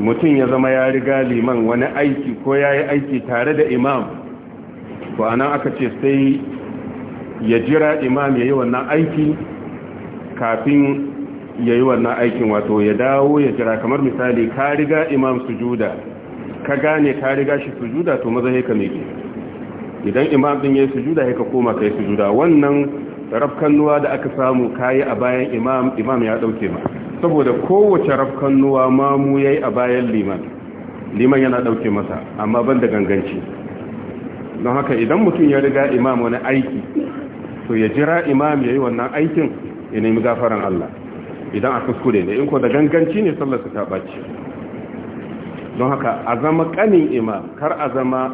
mutum ya zama ya riga liman wani aiki ko ya yi aiki tare da imam to anan aka ce sai ya jira imam ya yi wannan aiki kafin ya yi wannan aikin wato ya dawo ya jira kamar misali ka riga imam sujuda ka gane ka riga shi sujuda to maza haika kame ke idan imam din ya yi sujuda ya ka koma ka yi sujuda wannan nuwa da aka samu kayi a bayan imam ya ɗauke ma saboda kowace rafkannuwa mamu yayi a bayan liman liman yana ɗauke masa amma ban da ganganci don haka idan mutum ya riga imam wani aiki to ya jira imam ya yi wannan aikin ya nemi gafaran Allah idan a kuskure ne in ko da ganganci ne sallar su ta ɓaci. don haka a zama ƙanin imam kar a zama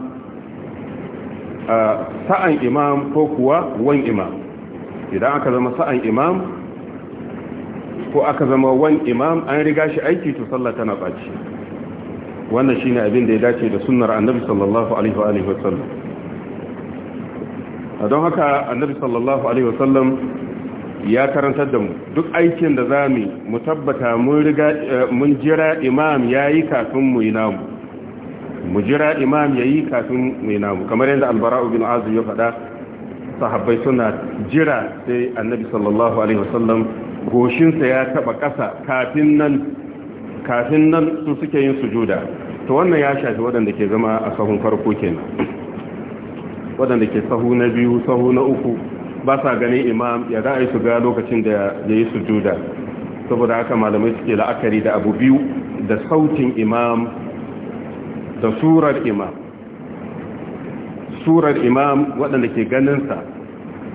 ah, sa'an imam ko kuwa wan imam idan aka zama sa'an imam ko aka zama wani imam an riga shi aiki to sallah tana baci wannan shine abin da ya dace da sunnar annabi sallallahu alaihi wa alihi wasallam don haka annabi sallallahu alaihi wasallam ya karantar da mu duk aikin da za mu mu tabbata mun eh, jira imam yayi kafin mu yi namu mu jira imam yayi kafin mu yi namu kamar yadda al-bara'u bin azib ya faɗa sahabbai suna jira sai annabi sallallahu alaihi wasallam goshinsa ya taba ƙasa kafin nan kafin nan su suke yin sujuda to wannan ya shafi waɗanda ke zama a sahun farko kenan waɗanda ke sahu na biyu sahu na uku ba sa ganin imam ya ra'ayi su ga lokacin da ya yi sujuda saboda haka malamai suke la'akari da abu biyu da sautin imam da surar imam surar imam waɗanda ke ganinsa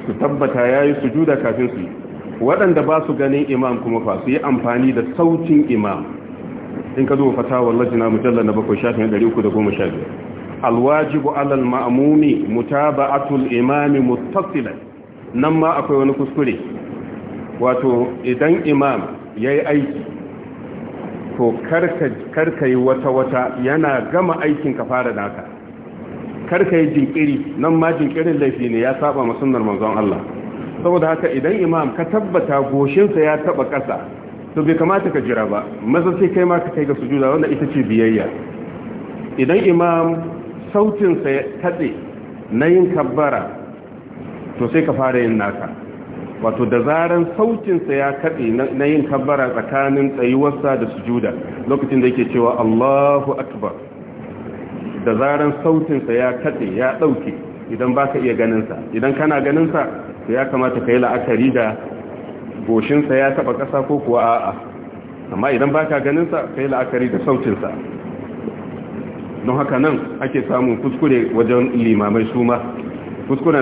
su tabbata ya yi sujuda kafin su yi waɗanda ba su ganin imam kuma fa su yi amfani da sautin imam in ka zo fata wallahi na mujalla na bakwai shafin 315 alwajibu alal ma'mumi mutaba'atul imami muttasilan nan ma akwai wani kuskure wato idan imam ya yi aiki to karka yi wata wata yana gama aikin ka fara naka karka yi jinkiri nan ma jinkirin laifi ne ya saba ma sunnar manzon Allah saboda haka idan imam ka tabbata goshinsa ya taba ƙasa to bai kamata ka jira ba maza sai kai ma ka kai ga sujuda wanda ita ce biyayya idan imam sautinsa ya tatse na yin kabbara to sai ka fara yin naka wato da zaran sautinsa ya tatse na yin kabbara tsakanin tsayuwarsa da sujuda lokacin da yake cewa Allahu akbar da zaran sautinsa ya katse ya ɗauke idan baka iya ganinsa idan kana ganinsa to ya kamata ka yi la'akari da goshinsa ya taba ƙasa ko kuwa a'a amma idan ba ka ganinsa ka yi la'akari da sautinsa don haka nan ake samun kuskure wajen limamai su ma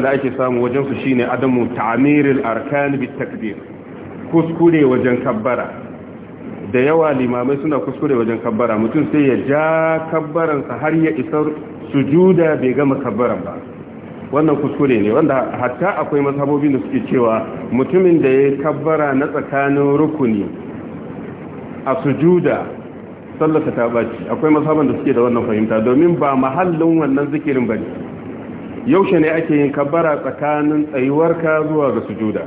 da ake samu wajen su shine adamu ta'amiril arkan bi takbir kuskure wajen kabbara da yawa limamai suna kuskure wajen kabbara mutum sai ya ja kabbaransa har ya isar sujuda bai gama kabbaran ba wannan kuskure ne wanda hatta akwai mazhabobin da suke cewa mutumin da ya kabbara na tsakanin rukuni a sujuda sallata ta baci akwai mazhaban da suke da wannan fahimta domin ba mahallin wannan zikirin bane yaushe ne ake yin kabbara tsakanin tsayuwar ka zuwa ga sujuda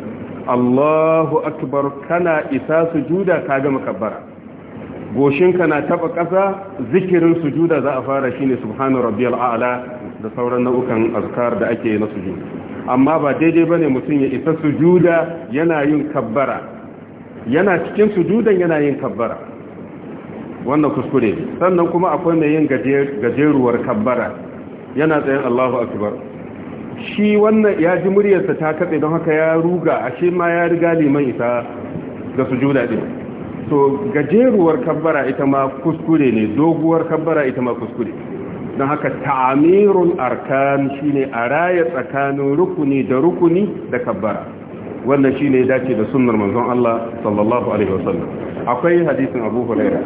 Allahu akbar kana isa sujuda ka gama kabbara goshin kana taba kasa zikirin sujuda za a fara shine subhanar rabbiyal a'la da sauran nau'ukan azkar da ake na sujud amma ba daidai bane mutum ya isa sujuda yana yin kabbara yana cikin sujudan yana yin kabbara wannan kuskure sannan kuma akwai mai yin gajeruwar kabbara yana tsayin Allahu akbar shi wannan ya ji muryarsa ta katse don haka ya ruga ashe ma ya riga liman isa ga sujuda din to gajeruwar kabbara ita ma kuskure ne doguwar kabbara ita ma kuskure don haka ta'amirun arkan shine a raya tsakanin rukuni da rukuni da kabbara wannan shine dace da sunnar manzon Allah sallallahu alaihi wasallam akwai hadisin Abu Huraira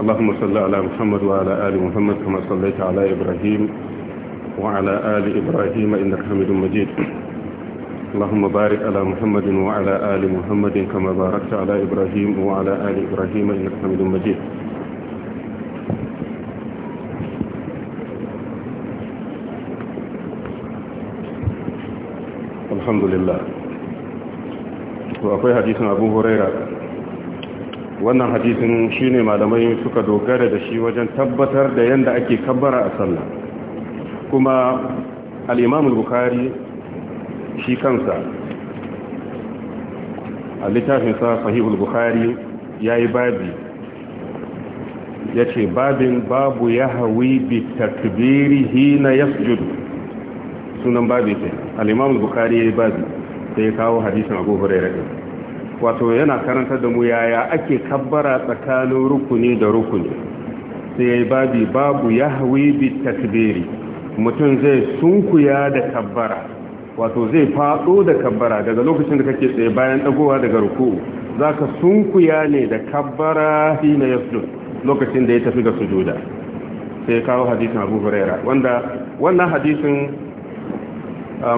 اللهم صل على محمد ali آل محمد كما ala ibrahim إبراهيم وعلى آل إبراهيم إنك حميد مجيد اللهم بارك على محمد وعلى آل محمد كما باركت على إبراهيم وعلى آل إبراهيم إنك حميد مجيد الحمد لله وأقول حديث أبو هريرة wannan hadisin shine malamai suka dogara da shi wajen tabbatar da yanda ake kabbara a sallah kuma al-Imam al-Bukhari shi kansa a littafinsa sahihul bukhari ya yi babi ya ce babin babu ya hawi bi takbiri hina ya sujudu sunan babi ce al'imamul bukhari ya yi babi da ya kawo hadisun agobar ya wato yana karanta da mu yaya ake kabbara tsakanin rukuni da rukuni sai ya yi babi babu ya hawi bi takbiri mutum zai sunkuya da kabbara wato zai faɗo da kabbara daga lokacin da kake tsaye bayan dagowa daga ruku za ka sunkuya ne da kabbara fi na yasjud lokacin da ya tafi ga sujuda sai ya kawo hadisin abu huraira wanda wannan hadisin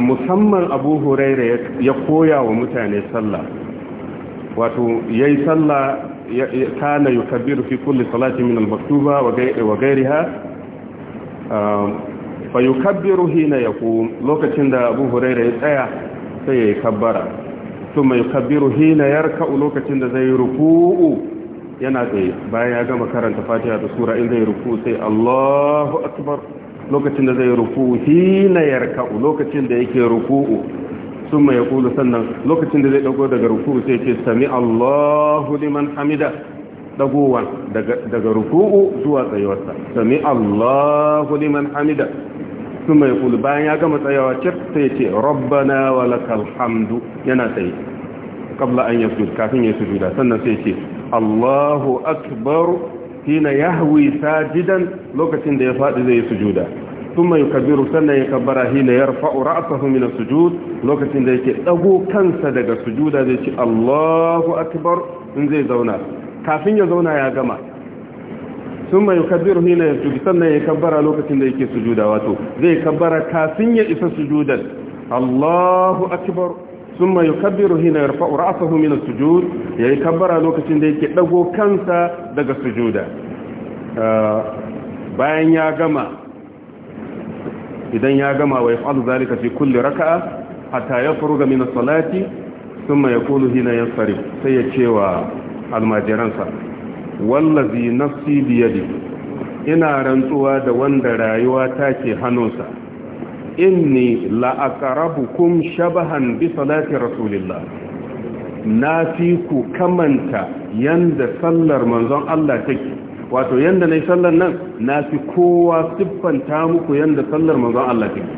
musamman abu huraira ya koya wa mutane sallah wato ya yi sallah kana kabiru fi kulle salati min al-maktuba wa ha. fa yukabbiru ya yaqum lokacin da Abu Hurairah ya tsaya sai ya yi kabbara thumma yukabbiru hina yarka'u lokacin da zai ruku'u yana tsaye bayan ya gama karanta Fatiha da sura in zai ruku'u sai Allahu akbar lokacin da zai ruku'u hina ya yarka'u lokacin da yake ruku'u Sun thumma yaqulu sannan lokacin da zai dago daga ruku'u sai ce sami Allahu liman hamida dagowan daga ruku'u zuwa tsayuwarsa sami Allahu liman hamida su mai kulu bayan ya gama tsayawa cik sai ce rabbana wa lakal hamdu yana tsaye kabla an yasu kafin yasu juda sannan sai ce allahu akbar hina ya hawi sajidan lokacin da ya faɗi zai yasu juda sun mai kabiru sannan ya kabbara hina ya rafa'u ra'asahu mina su jud lokacin da yake ɗago kansa daga su juda zai ci allahu akbar in zai zauna kafin ya zauna ya gama sun mai kabbiru hina ya sujudu sannan ya kabbara lokacin da yake sujuda wato zai kabbara kafin ya isa sujudan Allahu akbar sun mai kabbiru hina ya rafa'u ra'asahu min sujud ya yi kabbara lokacin da yake dago kansa daga sujuda ah, bayan ya gama idan ya gama wa yaf'alu zalika fi kulli raka'a hatta faru ga as-salati thumma yaqulu hina yansarif sai ya cewa almajiransa wallazi nafsi biyadi ina rantsuwa da wanda rayuwa ta ke hannunsa inni la'aqrabukum shabahan bi salati rasulillah na fi ku kamanta yanda sallar manzon Allah take wato yanda nayi sallar nan na fi kowa siffanta muku yanda sallar manzon Allah take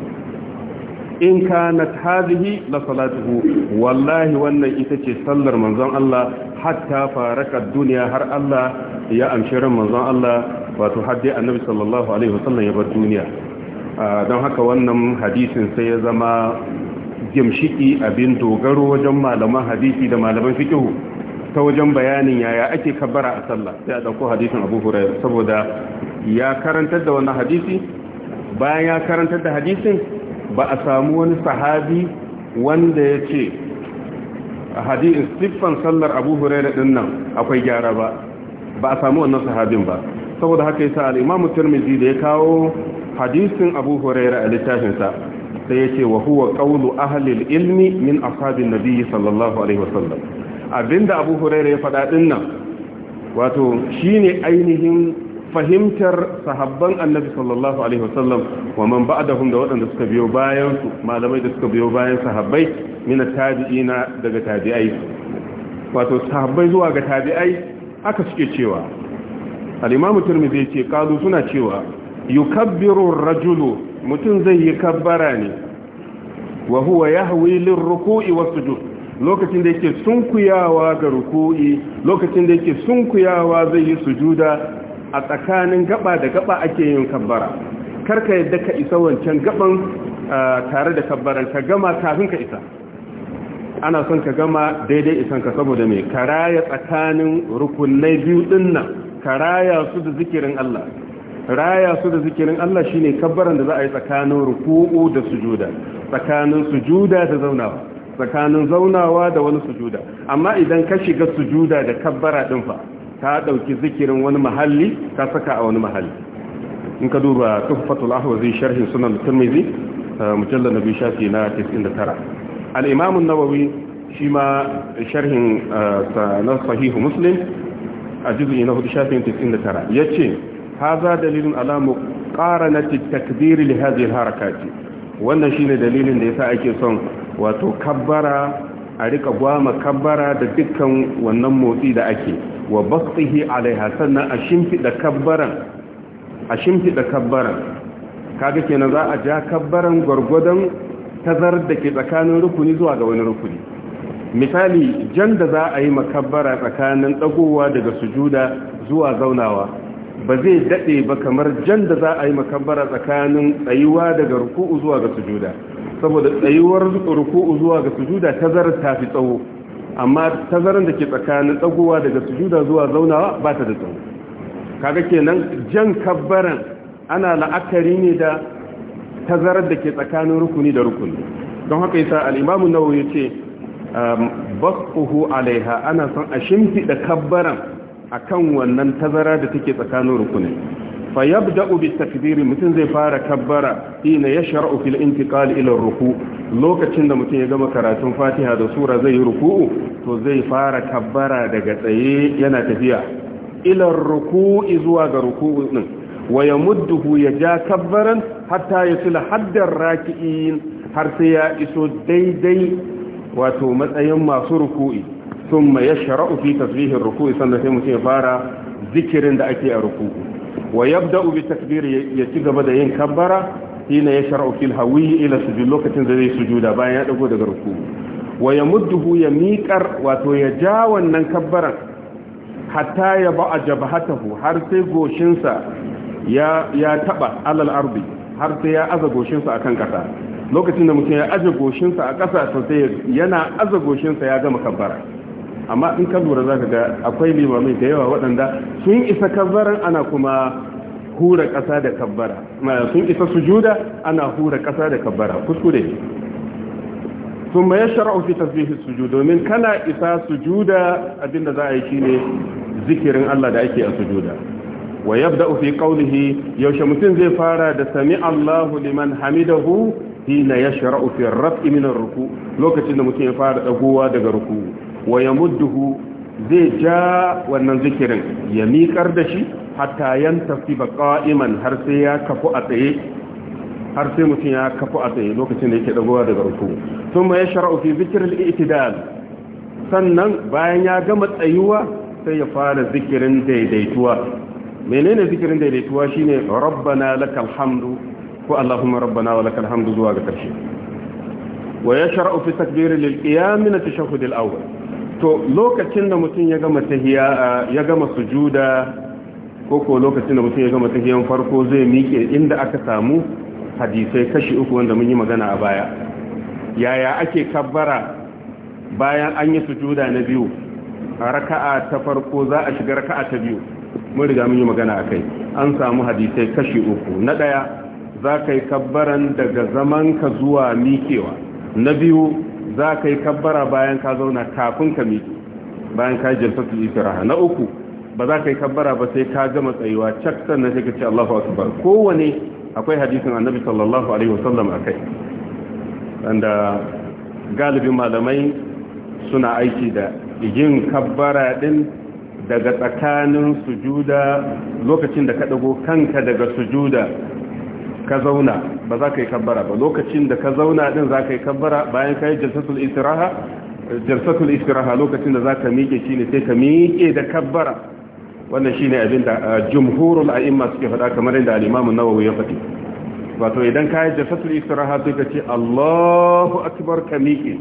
in kanat hadhihi la salatuhu wallahi wannan ita ce sallar manzon Allah hatta faraka duniya har Allah ya amshi ran manzon Allah wato dai annabi sallallahu alaihi wasallam ya bar duniya don haka wannan hadisin sai ya zama gimshiki abin dogaro wajen malaman hadisi da malaman fiqh ta wajen bayanin yaya ake kabbara a sallah sai a dauko hadisin Abu Hurairah saboda ya karantar da wannan hadisi bayan ya karantar da hadisin ba a samu wani sahabi wanda ya ce a hadisin siffan sallar abu huraira din nan akwai gyara ba ba a samu wannan sahabin ba saboda haka yasa al-imamu tirmidhi da ya kawo hadisin abu huraira a littafinsa sai yace wa huwa qawlu ahli al-ilmi min ashabin nabiy sallallahu alaihi wasallam abinda abu huraira ya faɗa din nan wato shine ainihin fahimtar sahabban annabi sallallahu alaihi wasallam wa man ba'dahum da waɗanda suka biyo bayan su malamai da suka biyo bayan sahabbai min tabi'ina daga tabi'ai wato sahabbai zuwa ga tabi'ai aka suke cewa al-imamu tirmidhi yace kalu suna cewa yukabbiru ar-rajulu mutun zai yi kabbara ne wa huwa yahwi lir-ruku'i was-sujud lokacin da yake sunkuyawa ga ruku'i lokacin da yake sunkuyawa zai yi sujuda a tsakanin gaba da gaba ake yin kabbara karka yadda ka isa wancan gaban tare da kabbaran ka gama kafin ka isa ana son ka gama daidai isan ka saboda mai karaya tsakanin rukunai biyu dinnan karaya su da zikirin Allah raya su da zikirin Allah shine kabbaran da za a yi tsakanin ruku'u da sujuda tsakanin sujuda da zaunawa tsakanin zaunawa da wani sujuda amma idan ka shiga sujuda da kabbara din fa ta dauki zikirin wani mahalli ta saka a wani mahalli in ka duba tuhfatul ahwazi sharhin sunan tirmidhi uh, mujallal nabi shafi na 99 al-imam an-nawawi shi ma sharhin uh, na sahihu muslim a juz'i na hudu shafin 99 yace haza dalilun ala muqaranati takbir li hadhihi al-harakat wannan shine dalilin da yasa ake son wato kabbara a rika gwama kabbara da dukkan wannan motsi da ake wa basqihi alaiha sannan a shimfida kabbaran a shimfida kabbaran kaga kenan za a ja kabbaran gurgudan tazar da ke tsakanin rukuni zuwa ga wani rukuni misali jan da za a yi makabbara tsakanin dagowa daga sujuda zuwa zaunawa ba zai dade ba kamar jan da za a yi makabbara tsakanin tsayuwa daga ruku'u zuwa ga sujuda saboda tsayuwar ruku'u zuwa ga sujuda tazarar ta fi tsawo amma tazarar da ke tsakanin tsagowa daga sujuda zuwa zaunawa ba ta da tsawo kaga kenan jan kabbaran ana la'akari ne da tazarar da ke tsakanin rukuni da rukuni don haka yasa al-imamu nawawi yace um, a alaiha ana son a shimfi da kabbaran kan wannan tazara da take tsakanin rukuni fa yabda'u bit takbir mutum zai fara kabbara ina yashra'u fil intiqal ila ruku lokacin da mutum ya gama karatun Fatiha da sura zai yi ruku'u to zai fara kabbara daga tsaye yana tafiya ila ruku'i zuwa ga ruku'u din wa yamudduhu ya ja kabbaran hatta yasila haddar raki'in har sai ya iso daidai wato matsayin masu ruku'i ثم يشرع في تسبيح الركوع sannan sai mutum ya fara zikirin da ake a ruku'u wa yabda'u takbiri ya ci gaba da yin kabbara hina ya shar'u fil hawi ila sujud lokacin da zai sujuda bayan ya dago daga ruku wa yamudduhu ya miƙar wato ya ja wannan kabbaran hatta ya ba'a jabhatahu har sai goshinsa ya ya alal ardi har sai ya aza goshinsa akan kasa lokacin da mutum ya aje goshinsa a kasa sosai yana aza goshinsa ya gama kabbara amma in ka lura za ka ga akwai limamai da yawa waɗanda sun isa kabbaran ana kuma hura ƙasa da kabbara sun isa sujuda ana hura ƙasa da kabbara kuskure sun ma ya shara'u fi tasbihi sujud domin kana isa sujuda abinda za a yi shine zikirin Allah da ake a sujuda wa yabda'u fi qawlihi yaushe mutum zai fara da sami Allahu liman hamidahu hina yashra'u fi ar-raf'i min ar-ruku lokacin da mutum ya fara dagowa daga ruku wa ya mudduhu zai ja wannan zikirin ya miƙar da shi hatta yan tafi ba ƙa'iman har sai ya kafu a tsaye har sai mutum ya kafu a tsaye lokacin da yake dagowa daga ruku sun ma ya shara'u fi zikirin itidal sannan bayan ya gama tsayuwa sai ya fara zikirin daidaituwa menene zikirin daidaituwa shine rabbana lakal hamdu ko allahumma rabbana wa lakal hamdu zuwa ga karshe wa ya shara'u fi takbirin lil qiyam min at-tashahhud al-awwal to lokacin da mutum ya gama tahiya ya gama sujuda ko ko lokacin da mutum ya gama tahiyan farko zai miƙe inda aka samu hadisai kashi uku wanda mun yi magana a baya yaya ake kabbara bayan an yi sujuda na biyu a raka'a ta farko za a shiga raka'a ta biyu mun riga mun yi magana akai an samu hadisai kashi uku na daya za ka yi kabbaran daga zamanka zuwa miƙewa na biyu za ka yi kabbara bayan ka zauna kafin ka miƙe bayan ka jalsa su istiraha na uku ba za ka yi kabbara ba sai ka gama tsayuwa cak sannan sai ka ce Allahu akbar kowane akwai hadisin annabi sallallahu alaihi wasallam akai wanda galibin malamai suna aiki da yin kabbara din daga tsakanin sujuda lokacin da ka ɗago kanka daga sujuda ka zauna ba za ka yi kabbara ba lokacin da ka zauna din za ka yi kabbara bayan ka yi jalsatul istiraha jalsatul istiraha lokacin da za ka miƙe shi ne sai ka miƙe da kabbara wannan shine abin da uh, jumhurul a'imma suke faɗa kamar yadda al'imamu imam an ya faɗi wato idan ka yi jalsatul istiraha sai ka ce Allahu akbar ka miƙe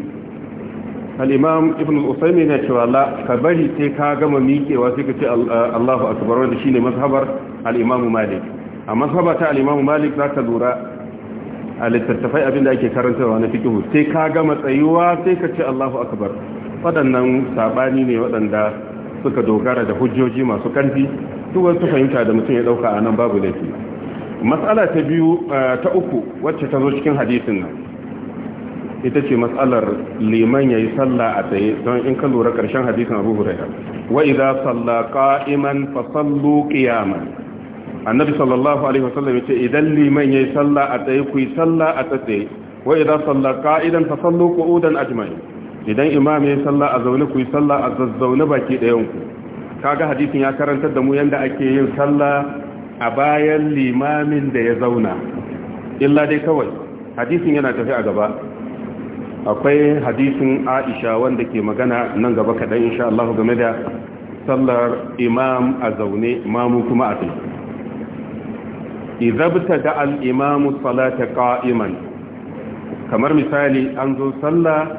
al-Imam Ibn al-Usaymin ya ce ka bari sai ka gama miƙewa sai ka ce uh, Allahu akbar wanda shine mazhabar al'imamu imam Malik a masabata ta imam malik za ka lura a littattafai abinda ake karanta wa na fikihu sai ka gama tsayuwa sai ka ce Allahu akbar waɗannan saɓani ne waɗanda suka dogara da hujjoji masu ƙarfi duk wasu fahimta da mutum ya ɗauka a nan babu laifi mas'ala ta biyu eh, ta uku wacce ta zo cikin hadisin nan ita ce matsalar liman ya yi sallah a tsaye don in ka lura ƙarshen hadisin abu huraira wa idza salla qa'iman fa sallu qiyaman annabi sallallahu alaihi wasallam yace idan liman yayi sallah a tsaye ku yi sallah a tsaye wa idan salla qa'idan fa sallu qu'udan ajma'in idan imam yayi sallah a zaune ku yi sallah a zazzaune baki dayan ku kaga hadisin ya karantar da mu yanda ake yin sallah a bayan limamin da ya zauna illa dai kawai hadisin yana tafi a gaba akwai hadisin Aisha wanda ke magana nan gaba kaɗan insha Allah game da sallar imam a zaune mamu kuma a tsaye izabta da al'imamu salata ƙa'iman kamar misali an zo sallah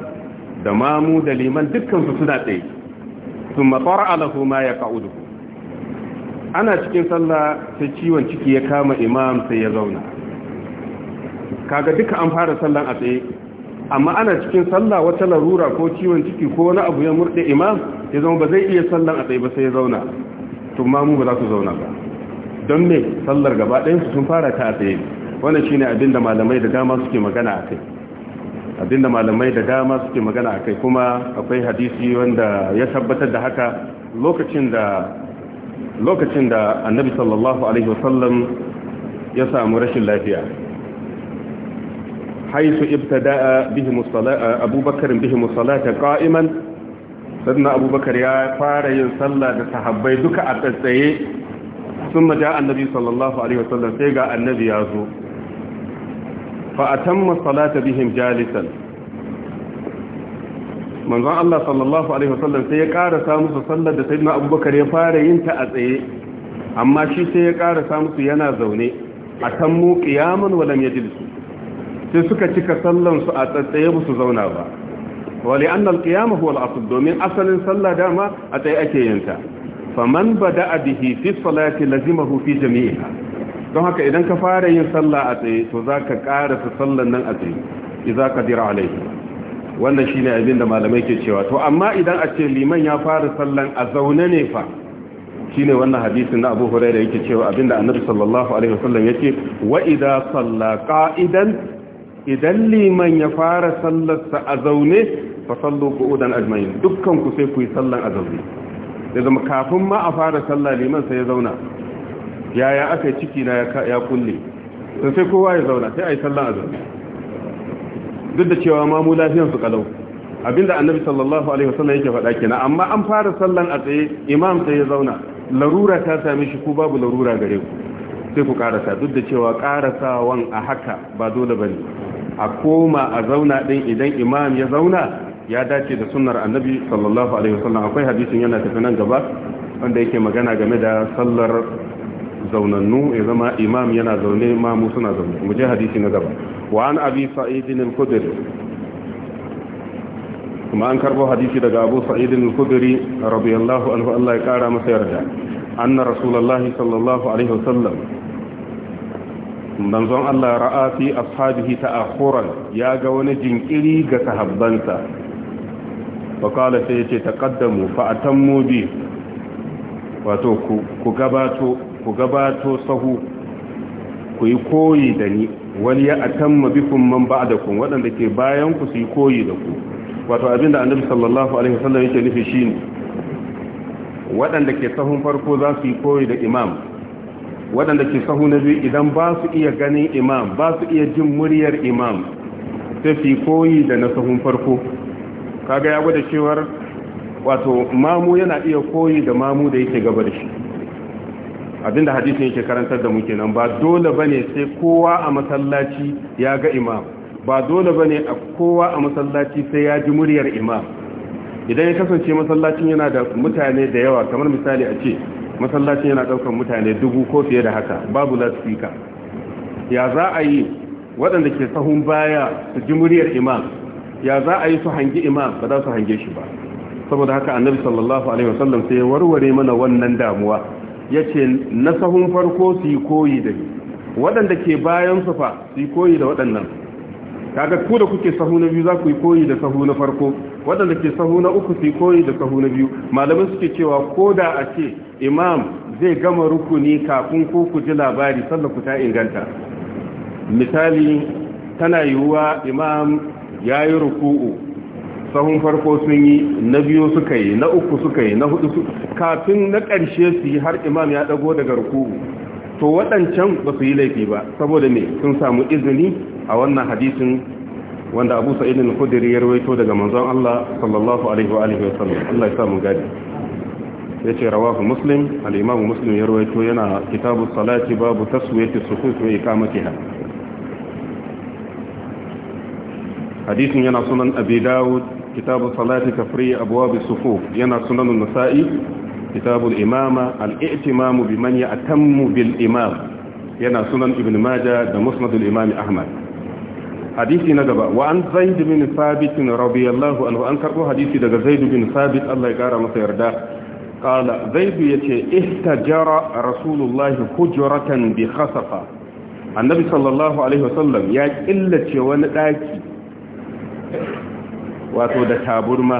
da mamu da liman dukkansu suna ɗaya, sun matsar alahu ma ya ƙa'udu ana cikin sallah sai ciwon ciki ya kama imam sai ya zauna kaga duka an fara sallan a tsaye amma ana cikin sallah wata larura ko ciwon ciki ko wani abu ya murɗe imam ya zama ba zai iya sallan a tsaye ba sai ya zauna tun mamu ba za su zauna ba don me sallar gaba ɗayansu sun fara ta a tsaye shi ne abinda malamai da dama suke magana a kai abinda malamai da dama suke magana a kai kuma akwai hadisi wanda ya tabbatar da haka lokacin da lokacin da annabi sallallahu alaihi wasallam ya samu rashin lafiya haisu ibtada'a bihi musalla abubakar bihi musallata qa'iman sannan abubakar ya fara yin sallah da sahabbai duka a tsaye sun maja annabi sallallahu alaihi wasallam sai ga annabi ya zo fa'atamma salata bihin jalisan manzon Allah sallallahu alaihi wasallam sai ya karasa musu sallar da sayyidina abubakar ya fara yin ta a tsaye amma shi sai ya karasa musu yana zaune a atammu qiyaman wa ya yajlisu sai suka cika sallansu a tsaye musu zauna ba wali anna al-qiyam huwa domin asalin sallah dama a tsaye ake yin ta faman bada bihi fi salati lazimahu fi jami'iha don haka idan ka fara yin sallah a tsaye to za ka karasa sallan nan a tsaye iza ka qadira alayhi wannan shine abin da malamai ke cewa to amma idan a ce liman ya fara sallan a zaune ne fa shine wannan hadisin na Abu Hurairah yake cewa abinda Annabi sallallahu alaihi wasallam yake wa idza salla qa'idan idan liman ya fara sallarsa a zaune fa sallu qu'udan ajma'in dukkan ku sai ku yi sallan a zaune ya zama kafin ma a fara sallah liman sai ya zauna yaya aka ciki na ya kulle to sai kowa ya zauna sai a yi sallah a zaune duk da cewa mamu lafiyan su kalau abinda annabi sallallahu alaihi wasallam yake faɗa kenan amma an fara sallan a tsaye imam sai ya zauna larura ta same shi ko babu larura gare ku sai ku karasa duk da cewa karasawan a haka ba dole bane a koma a zauna din idan imam ya zauna ya dace da sunnar annabi sallallahu alaihi wasallam akwai hadisin yana tafi nan gaba wanda yake magana game da sallar zaunannu ya zama imam yana zaune mamu suna zaune mu je hadisi na gaba wa an abi sa'idin al-khudri kuma an karbo hadisi daga abu sa'idin al-khudri radiyallahu anhu Allah ya kara masa yarda anna rasulullahi sallallahu alaihi wasallam manzon Allah ra'a fi ashabihi ta'akhuran ya ga wani jinkiri ga sahabbansa faƙala sai ya ce taƙaddamu fa'atan mobi wato ku gabato sahu ku yi koyi da ni wani ya atamma bikun man ba da kun waɗanda ke bayan ku su yi koyi da ku wato abinda annabi sallallahu alaihi wasallam yake nufi shine waɗanda ke sahun farko za su yi koyi da imam waɗanda ke sahu na biyu idan ba su iya ganin imam ba su iya jin muryar imam sai su yi koyi da na sahun farko kaga ya gwada cewar wato mamu yana iya koyi da mamu da yake gaba da shi abinda hadisin yake karantar da muke nan ba dole bane sai kowa a masallaci ya ga imam ba dole bane a kowa a masallaci sai ya ji muryar imam idan ya kasance masallacin yana da mutane da yawa kamar misali a ce masallacin yana daukar mutane dubu ko fiye da haka babu lasfika ya za a yi waɗanda ke sahun baya su ji muryar imam ya za a yi su hangi imam ba za su hange shi ba saboda haka annabi sallallahu alaihi wasallam sai ya warware mana wannan damuwa yace na sahun farko su yi koyi da waɗanda ke bayan su fa su yi koyi da waɗannan kaga ku da kuke sahu na biyu za ku yi koyi da sahu na farko waɗanda ke sahu na uku su yi koyi da sahu na biyu malamin suke cewa ko da a ce imam zai gama rukuni kafin ko ku ji labari sallar ku ta inganta misali tana yiwuwa imam ya yi ruku'u sahun farko sun yi na biyu suka yi na uku suka yi na hudu kafin na karshe su yi har imam ya dago daga ruku'u to waɗancan ba su yi laifi ba saboda ne sun samu izini a wannan hadisin wanda abu sa'idin kudiri ya rawaito daga manzon Allah sallallahu alaihi wa alihi wasallam Allah ya samu gadi yace rawahu muslim al muslim ya rawaito yana kitabu salati babu taswiyati suhuf wa iqamatiha حديث ينا سنن أبي داود كتاب الصلاة كفرية أبواب الصفوف ينا سنن النسائي كتاب الإمامة الإئتمام بمن يأتم بالإمام ينا سنن ابن ماجة دمسند الإمام أحمد حديث نقبة وعن زيد بن ثابت رضي الله عنه أنكره حديث دقى زيد بن ثابت الله يقار مصير قال زيد يتي احتجر رسول الله حجرة بخصفة النبي صلى الله عليه وسلم يا إلا تي ونأكي wato da taburma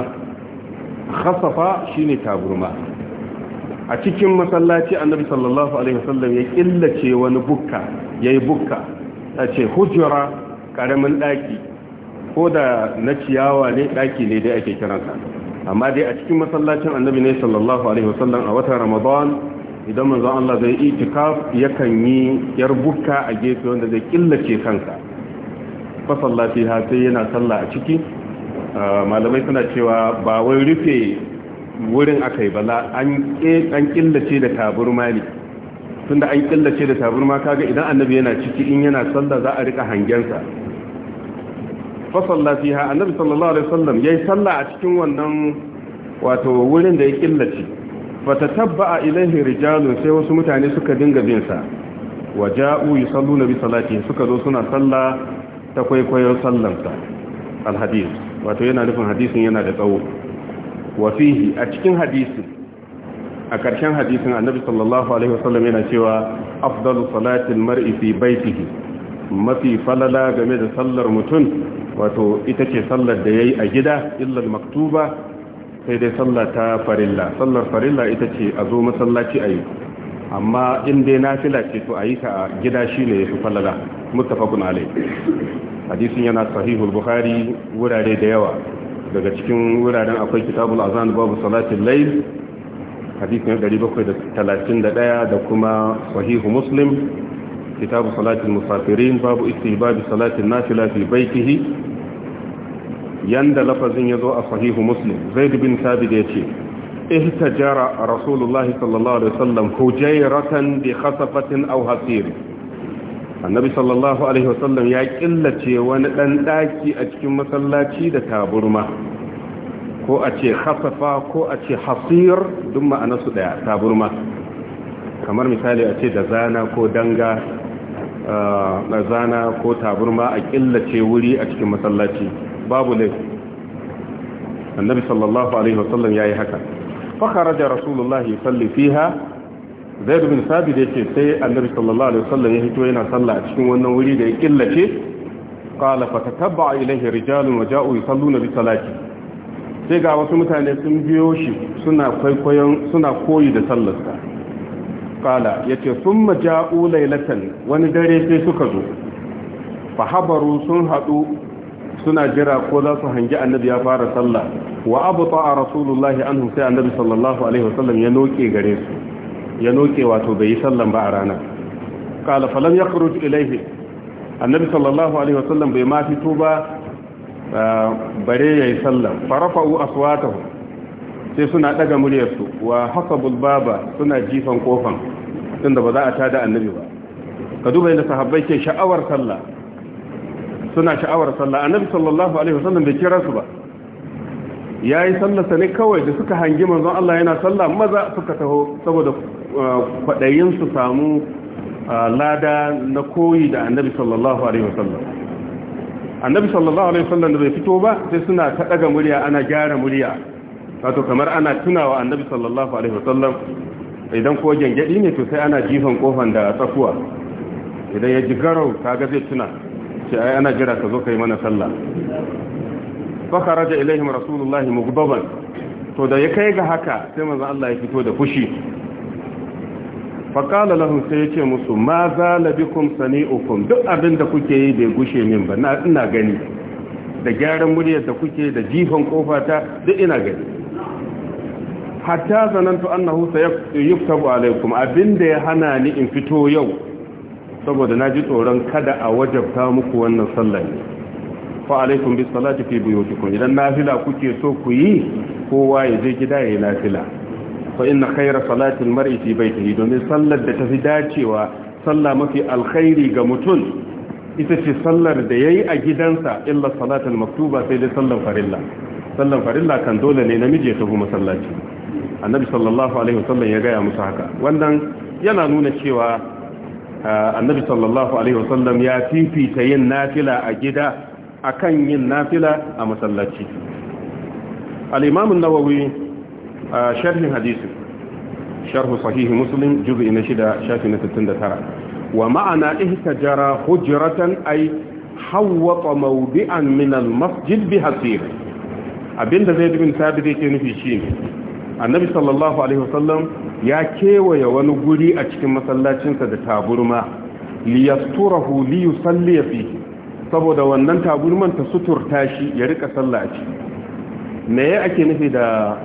khasafa shine taburma a cikin masallaci annabi sallallahu alaihi wasallam ya killace wani bukka yayi bukka ta ce hujura karamin daki ko da na ciyawa ne daki ne dai ake kiransa amma dai a cikin masallacin annabi ne sallallahu alaihi wasallam a watan ramadan idan manzon Allah zai itikaf yakan yi yar bukka a gefe wanda zai killace kansa fa sallati ha sai yana sallah a ciki Ah, malamai suna cewa ba wai rufe wurin aka yi bala an killace da taburma ne tun da an killace da taburma kaga idan annabi yana ciki in yana sallah za a rika hangensa fasalla fiha annabi sallallahu alaihi wasallam yayi sallah a cikin wannan wato wurin da ya killace fatatabba'a ilaihi rijalun sai wasu mutane suka dinga bin sa ja'u yusalluna bi salati suka zo suna sallah ta kwaikwayon sallansa al-hadith wato yana nufin hadisin yana da tsawo wa fihi a cikin hadisi a ƙarshen hadisin annabi sallallahu alaihi wasallam yana cewa afdalu salatin mar'i fi baitihi mafi falala game da sallar mutum wato ita ce sallar da yayi a gida illa maktuba sai dai sallar ta farilla sallar farilla ita ce a zo masallaci ayi amma in dai nafila ce to yi ta a gida shine yafi falala muttafaqun alaihi hadisin yana sahihul bukhari wurare da yawa daga cikin wuraren akwai kitabul azan babu salatin layl hadisin 731 da kuma sahihu muslim kitabu salatin musafirin babu istibabi salatin nafila fi baitihi yanda lafazin yazo a sahihu muslim zaid bin sabit yace ihtajara rasulullahi sallallahu alaihi wasallam hujayratan bi khasafatin aw hasir annabi sallallahu alaihi wasallam ya killace wani dan daki a cikin masallaci da taburma ko a ce hasafa ko a ce hasir duk su daya taburma kamar misali a ce da zana ko danga ah, na zana ko taburma a killace wuri a cikin masallaci babu laifi annabi sallallahu alaihi wasallam yayi haka fa kharaja rasulullahi salli fiha zaid bin ya ce sai annabi sallallahu alaihi wasallam ya hito yana sallah a cikin wannan wuri da ya killace qala fatatabba ilayhi rijalun waja'u yusalluna bi salati sai ga wasu mutane sun biyo shi suna kwaikwayon suna koyi da sallarsa qala yace thumma ja'u laylatan wani dare sai suka zo fa habaru sun hadu suna jira ko za su hangi annabi ya fara sallah wa abta rasulullahi anhu sai annabi sallallahu alaihi wasallam ya noke gare su ya noke wato bai yi sallan ba a ranar kala falam ya kuruj ilaihi annabi sallallahu alaihi wasallam bai ma fito ba bare ya yi sallan farafa'u aswatahu sai suna daga muryarsu wa hasabul baba suna jifan kofan tunda ba za a tada annabi ba ka duba yadda sahabbai ke sha'awar sallah suna sha'awar sallah annabi sallallahu alaihi wasallam bai kira su ba ya yi sallarsa ne kawai da suka hangi manzon Allah yana sallah maza suka taho saboda uh, kwaɗayin su samu uh, lada na koyi da annabi sallallahu alaihi wasallam annabi sallallahu alaihi wasallam da bai fito ba sai suna ta daga murya ana gyara murya wato kamar ana tunawa annabi sallallahu alaihi wasallam idan ko gengedi ne to sai ana jifan kofan da tsakuwa idan ya ji garau kaga zai tuna sai ai ana jira ka zo kai mana sallah fakara da ilaihin rasulullahi mughdaban to da ya kai ga haka sai manzan Allah ya fito da fushi fa qala lahum sai yace musu ma zala bikum sani'ukum duk abinda kuke yi bai gushe min ba na ina gani da gyaran muryar da kuke da jifan kofata duk ina gani hatta zanantu annahu sayuktabu alaikum abinda ya hana ni in fito yau saboda na ji tsoron kada a wajabta muku wannan sallah fa alaikum bis salati fi buyutikum idan nafila kuke so ku yi kowa ya je gida yayin nafila fa inna khayra salati al mar'i fi baytihi domin sallar da tafi dacewa sallah mafi alkhairi ga mutum ita ce sallar da yayi a gidansa illa salatul maktuba sai dai sallar farilla sallar farilla kan dole ne namiji ya tafi masallaci annabi sallallahu alaihi wasallam ya gaya musu haka wannan yana nuna cewa eh, annabi sallallahu alaihi wasallam ya fifita yin nafila a gida akan yin nafila a masallaci Alimamin imam an-nawawi a sharhin hadisi sharhu sahih muslim juz'i na shida, shafi na 69 wa ma'ana ihtajara hujratan ay hawwata mawdi'an min al-masjid bi hasir abinda zai bin sabiri ke nufi shi ne. annabi sallallahu alaihi wasallam ya kewaye wani guri a cikin masallacinsa da taburma liyasturahu liyusalli fihi saboda wannan tagulman ta suturta shi ya rika sallaci a ciki me ya ake nufi da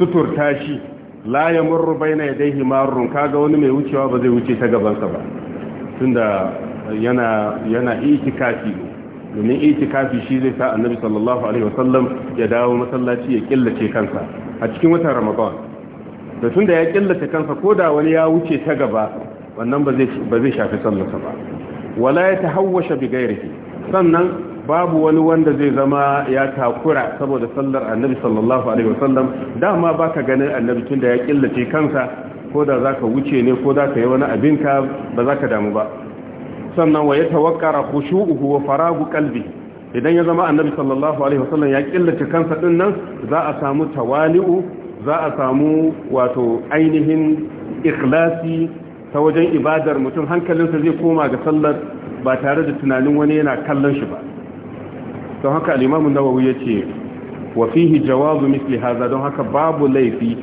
suturta shi la ya murru baina yadayhi marrun kaga wani mai wucewa ba zai wuce ta gabansa ba tunda yana yana itikafi domin itikafi shi zai sa annabi sallallahu alaihi wasallam ya dawo masallaci ya killace kansa a cikin watan ramadan da tunda ya killace kansa ko da wani ya wuce ta gaba wannan ba zai shafi sallarsa ba wala ya tahawwasha bi ghairihi sannan babu wani wanda zai zama ya takura saboda sallar annabi sallallahu alaihi wasallam dama baka ganin annabi tun da ya killace kansa ko da zaka wuce ne ko zaka yi wani abin ka ba zaka damu ba sannan wa yatawakkara khushu'uhu wa faragu qalbi idan ya zama annabi sallallahu alaihi wasallam ya killace kansa din nan za a samu tawali'u za a samu wato ainihin ikhlasi ta wajen ibadar mutum hankalinsa zai koma ga sallar ba tare da tunanin wani yana kallon shi ba don haka na nawawi ya ce wa fihi jawabu misli haza don haka babu laifi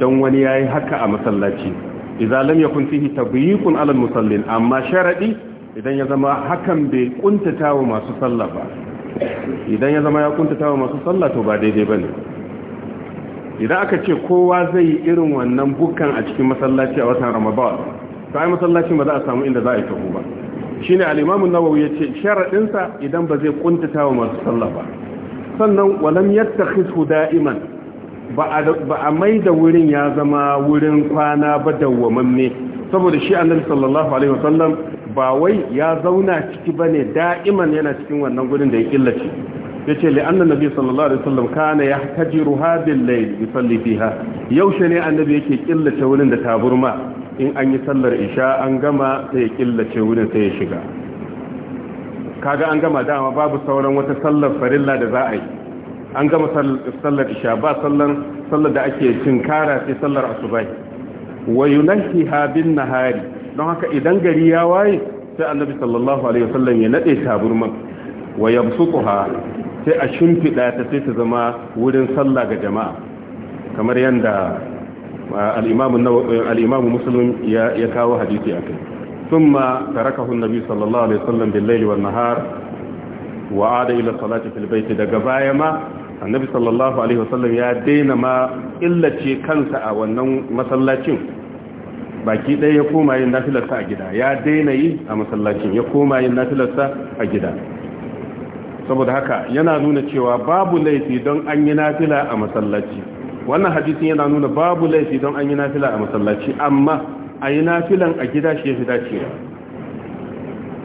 don wani yayi haka a masallaci idan lam yakun fihi tabyiqun alal musallin amma sharadi idan ya zama hakan bai kuntata wa masu sallah ba idan ya zama ya kuntata wa masu sallah to ba daidai bane idan aka ce kowa zai yi irin wannan bukan a cikin masallaci a watan ramadan to ai masallacin ba za a samu inda za a yi taho ba shine ne imam an-Nawawi yace ce sa idan ba zai kuntata wa masu sallah ba sannan walam hisu da'iman ba a mai da wurin ya zama wurin kwana ba dawwamamme saboda shi annabi sallallahu alaihi wasallam ba wai ya zauna ciki ne da'iman yana cikin wannan gurin da ya killace yace li anna nabi sallallahu alaihi wasallam kana yahtajiru hadhihi al-layl yusalli fiha yaushe ne annabi yake killace wurin da taburma in an yi sallar isha an gama sai ya killace wurin sai ya shiga kaga an gama dama babu sauran wata sallar farilla da za a yi an gama sallar isha ba sallar da ake cin kara sai sallar asubai wa ha bin nahari don haka idan gari ya waye sai annabi sallallahu alaihi wasallam ya nade taburman wa yabsuqha sai a shimfida ta sai ta zama wurin sallah ga jama'a kamar yanda al'imamu musulun ya kawo hadisi a kai sun ma tarakahun nabi sallallahu alaihi wasallam bin laili wa nahar wa ada ila salati fil baiti daga baya ma annabi sallallahu alaihi wasallam ya daina ma illace kansa a wannan masallacin baki ɗaya ya koma yin nafilarsa a gida ya daina yi a masallacin ya koma yin nafilarsa a gida saboda haka yana nuna cewa babu laifi don an yi nafila a masallaci wannan hadisin yana nuna babu laifi don an yi nafila a masallaci amma a yi nafilan a gida shi ya fi dacewa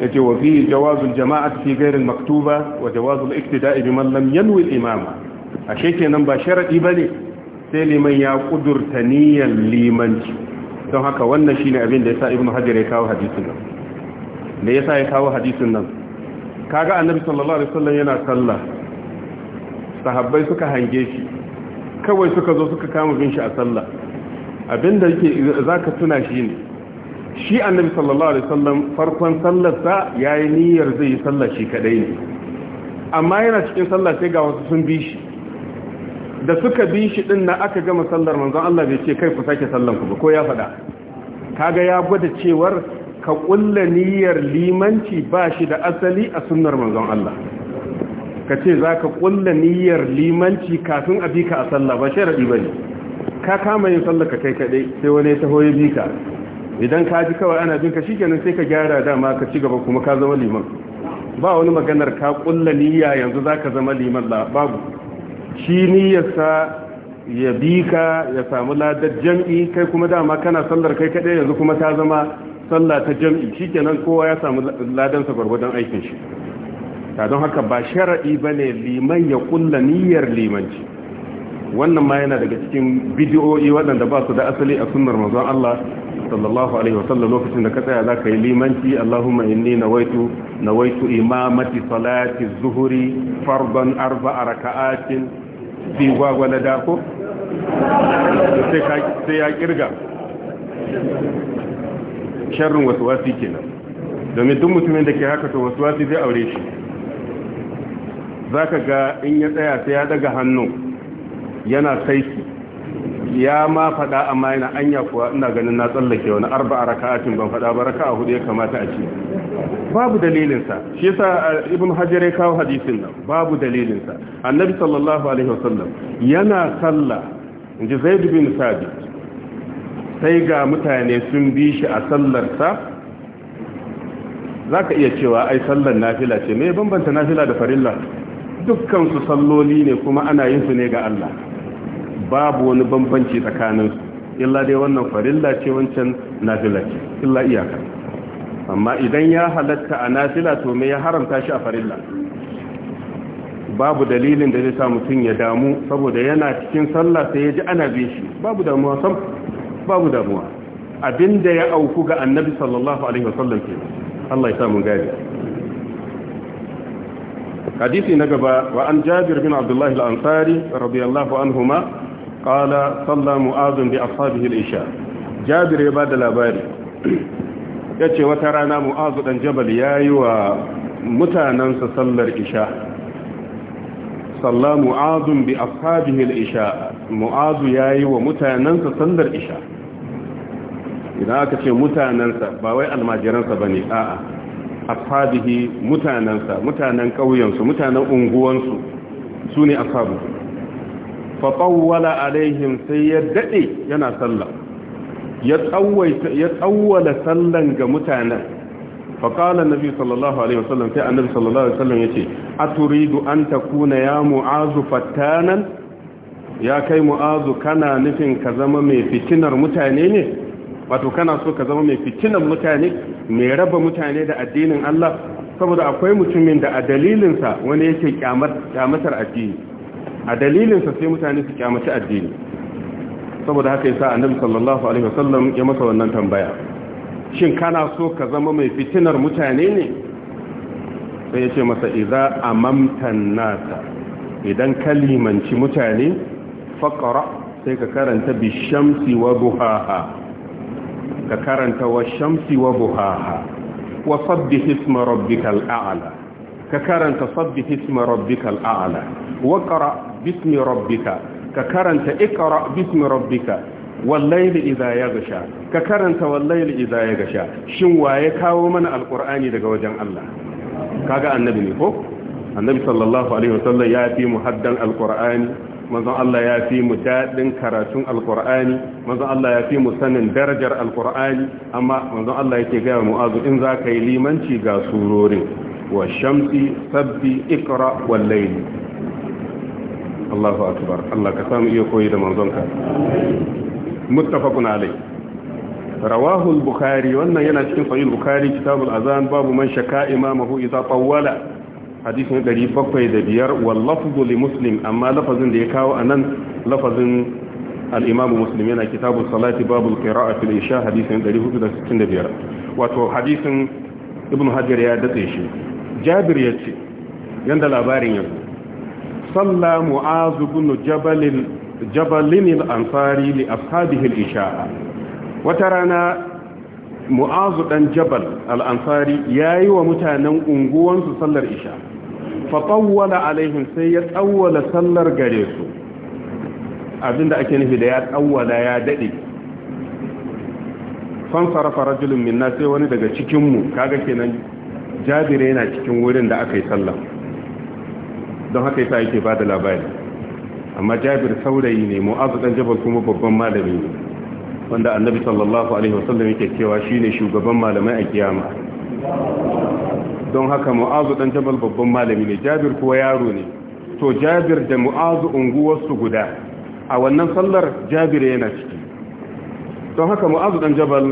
ya ce wa fi jawazul jama'a fi gairin maktuba wa jawazul iktida'i bi mallam yanwil imama a kenan ba sharadi ne sai liman ya kudurta niyan limanci don haka wannan shine abin da yasa ibnu hajar ya kawo hadisin nan da yasa ya kawo hadisin nan kaga annabi sallallahu alaihi wasallam yana sallah sahabbai suka hange shi kawai suka zo suka kama bin shi a sallah abinda yake zaka tuna shi ne shi annabi sallallahu alaihi wasallam farkon sallarsa yayi niyyar zai yi sallah shi kadai ne amma yana cikin sallah sai ga wasu sun bi shi da suka bi shi din na aka gama sallar manzon Allah bai ce kai ku sake sallan ku ba ko ya faɗa kaga ya gwada cewar ka kulla niyyar limanci ba shi da asali a sunnar manzon Allah ka ce za ka ƙulla niyyar limanci kafin a bika a sallah ba sharaɗi ba ne ka kama yin sallah ka kai kaɗai sai wani ya taho ya bika idan ka ji kawai ana binka shi kenan sai ka gyara dama ka ci gaba kuma ka zama liman ba wani maganar ka ƙulla niyya yanzu za ka zama liman ba babu shi niyyarsa ya bika ya samu ladar jam'i kai kuma dama kana sallar kai kaɗai yanzu kuma ta zama sallah ta jam'i shi kenan kowa ya samu ladansa gwargwadon aikin shi don haka ba sharaɗi ba ne liman ya kulla niyyar limanci wannan ma yana daga cikin bidiyoyi waɗanda ba su da asali a sunar mazan Allah sallallahu alaihi wasallam lokacin da ka tsaya za ka yi limanci Allahumma inni nawaitu nawaitu imamati salati zuhuri arba a raka'atin fi gwagwala dako sai ya kirga sharrin wasu wasi kenan domin duk mutumin da ke haka to wasu wasi zai aure shi za ka ga in ya tsaya sai ya daga hannu yana saiki ya ma faɗa amma yana anya kuwa ina ganin na tsallake wani arba a raka'atin ban faɗa ba a hudu ya kamata a ce babu dalilinsa shi yasa eh, ibn hajar kawo hadisin nan babu dalilinsa annabi sallallahu alaihi wasallam yana sallah inji zaid bin sabit sai ga mutane sun bi shi a sallarsa ka iya cewa ai sallar nafila ce me ya bambanta nafila da farilla dukkan su salloli ne kuma ana yin su ne ga Allah babu wani bambanci tsakanin su illa dai wannan farilla ce wancan nafila ce illa iyaka amma idan ya halatta a nafila to me ya haramta shi a farilla babu dalilin da zai sa mutum ya damu saboda yana cikin sallah sai ya ji ana bin shi babu damuwa sam babu damuwa abinda ya auku ga annabi sallallahu alaihi wasallam ke Allah ya sa mun gani hadisi na gaba wa an jabir bin abdullahi al-ansari radiyallahu anhuma qala salla mu'azun bi ashabihi isha jabir ya bada labari yace wata rana mu'azu dan jabal yayi wa mutanansa sallar isha salla mu'azun bi ashabihi isha mu'azu yayi wa mutanansa sallar isha aka ce mutanansa ba wai almajiransa ne a'a ashabihi mutanansa mutanen ƙauyensu mutanen unguwansu su ne ashabu fa tawwala alaihim sai ya dade yana sallah ya ya tsawwala sallan ga mutanen fa qala annabi sallallahu alaihi wasallam sai annabi sallallahu alaihi wasallam yace aturidu an takuna ya mu'azu fattanan ya kai mu'azu kana nufin ka zama mai fitinar mutane ne wato kana so ka zama mai fitinan mutane mai raba mutane da addinin Allah saboda akwai mutumin da a dalilinsa wani yake kyamatar addini a dalilinsa sai mutane su kyamaci addini saboda haka yasa annabi sallallahu alaihi wasallam ya masa wannan tambaya shin kana so ka zama mai fitinar mutane ne sai ya ce masa idza amamtan nasa idan kalimanci mutane faqra sai ka karanta bishamsi wa duhaha ka karanta wa shamsi wa buhaha wa sabbih isma rabbikal a'la ka karanta sabbih isma rabbikal a'la wa qra bismi rabbika ka karanta iqra bismi rabbika wal layli idha yaghsha ka karanta wal layli idha yaghsha shin waye kawo mana alqur'ani daga wajen Allah kaga annabi ne ko annabi sallallahu alaihi wasallam ya fi muhaddan alqur'ani manzon Allah ya fi mu daɗin karatun Alƙur'ani, manzon Allah ya fi mu sanin darajar Alƙur'ani, amma manzon Allah yake gaya mu'azu in za ka yi limanci ga surorin wa shamsi sabbi ikra wal layli Allahu akbar Allah ka samu iya koyi da manzon ka muttafaqun alai rawahu al-bukhari wannan yana cikin sahih al-bukhari kitab al-azan babu man shaka imamahu idza tawwala hadisin 705 wallafzu li muslim amma lafazin da ya kawo nan lafazin al-imamu muslim yana kitabu salati babul qira'a fil isha hadisin 465 wato hadisin ibn hajar ya datse shi jabir yace yadda labarin yanzu salla mu'az ibn jabal ansari li ashabihil isha wata rana mu'azu dan jabal al'amfari ya yi wa mutanen unguwansu sallar isha fatawwala alaihim sai ya tsawwala sallar gare su abinda ake nufi da ya tsawwala ya dade fansarafa rajulun minna sai wani daga cikinmu kaga kenan jabire yana cikin wurin da aka yi sallah don haka yasa yake bada da labari amma jabir saurayi ne mu'azu dan jabal kuma babban malami ne wanda annabi sallallahu alaihi wasallam yake cewa shine shugaban malamai a kiyama don haka mu'azu dan jabal babban malami ne jabir kuwa yaro ne to jabir da mu'azu unguwarsu guda a wannan sallar jabir yana ciki don haka mu'azu dan jabal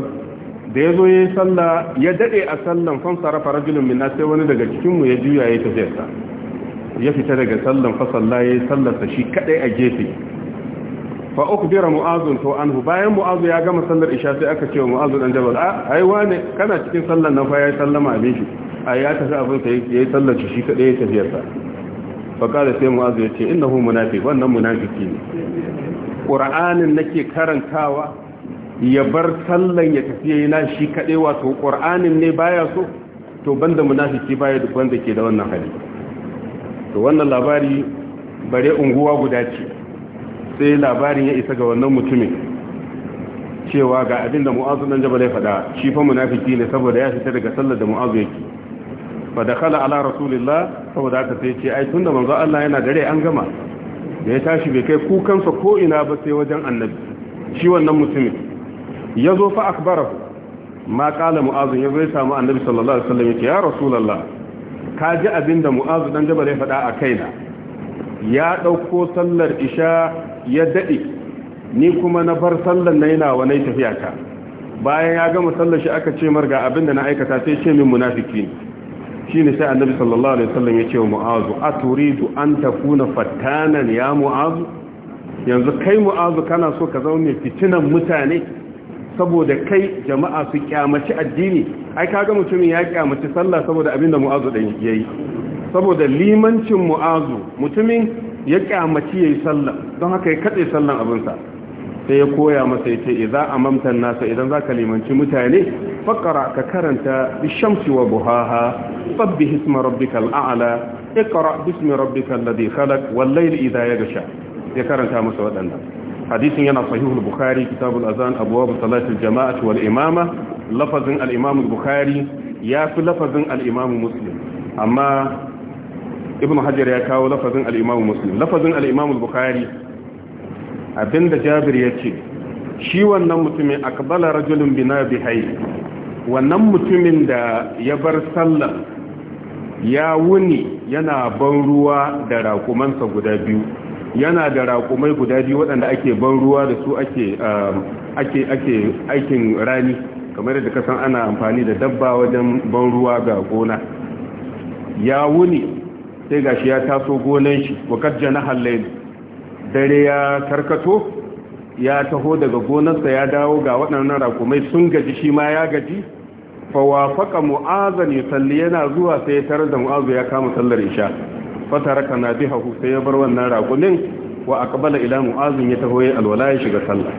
da ya zo ya yi sallah ya daɗe a sallan fansara farajulun minna sai wani daga cikinmu ya juya ya sa ya fita daga sallan fasalla ya yi sallarsa shi kaɗai a gefe fa uku bira mu'azun to anhu bayan mu'azu ya gama sallar isha sai aka ce wa mu'azu ɗan jabal a ah, haiwa ne kana cikin sallan nan fa ya sallama a a ya tafi abin ta yi tsallaci shi kaɗai ya tafiyarsa da sai mu'azu ya ce ina hu munafi wannan munafiki ne ƙura'anin nake karantawa ya bar tsallan ya tafiye na shi kaɗai wato ƙura'anin ne baya so to banda munafiki baya duk wanda ke da wannan hali to wannan labari bare unguwa guda ce sai labarin ya isa ga wannan mutumin cewa ga abin da mu'azu nan jabal ya faɗa shi fa munafiki ne saboda ya fita daga sallar da mu'azu yake fa da kala ala rasulillah saboda haka sai ce ai tunda manzo Allah yana dare an gama da ya tashi bai kai kukansa ko ina ba sai wajen annabi shi wannan mutumin ya zo fa akbarahu ma kala mu'azu ya zai samu annabi sallallahu alaihi wasallam yake ya rasulullah ka ji abinda mu'azu dan jabal ya faɗa a kaina ya ɗauko sallar isha ya daɗe ni kuma na bar sallar na yana wa tafiya ta bayan ya gama sallar shi aka ce marga da na aikata sai ce min munafiki ne shine sai annabi sallallahu alaihi wasallam ya ce wa mu'azu aturidu an takuna fatanan ya mu'azu yanzu kai mu'azu kana so ka zaune fitinan mutane saboda kai jama'a su kyamaci addini ai kaga mutumin ya kyamaci sallah saboda abinda mu'azu dan yayi saboda limancin mu'azu mutumin ya kyamaci yayi sallah don haka ya katse sallan abinsa sai ya koya masa ya za a amamta nasa idan za ka limanci mutane faqra ka karanta bishamsi wa buhaha babbi isma rabbikal a'la iqra bismi rabbikal ladhi khalaq wal layli idha yaghsha ya karanta masa wadannan hadisin yana sahihul bukhari kitabul azan abwab salatul jama'ati wal imama lafazin al imam bukhari ya fi lafazin al imam muslim amma ibn hajar ya kawo lafazin al imam muslim lafazin al imam bukhari abinda jabir ya ce shi wannan mutumin akbala rajulun bina bihai wannan mutumin da ya bar sallah ya wuni yana ban ruwa da rakumansa guda biyu yana da rakumai guda biyu waɗanda ake ban ruwa da su ake um, ake ake aikin rani kamar yadda kasan ana amfani da dabba wajen ban ruwa ga gona ya wuni sai gashi ya taso gonan shi wakar jana dare ya karkato ya taho daga gonarsa ya dawo ga waɗannan rakumai sun gaji shi ma ya gaji fawafaka mu'azani Salli yana zuwa sai ya tarar da mu'azu ya kama sallar isha fataraka na bihahu sai ya bar wannan rakumin wa aqbala ila mu'azin ya taho ya alwala ya shiga sallah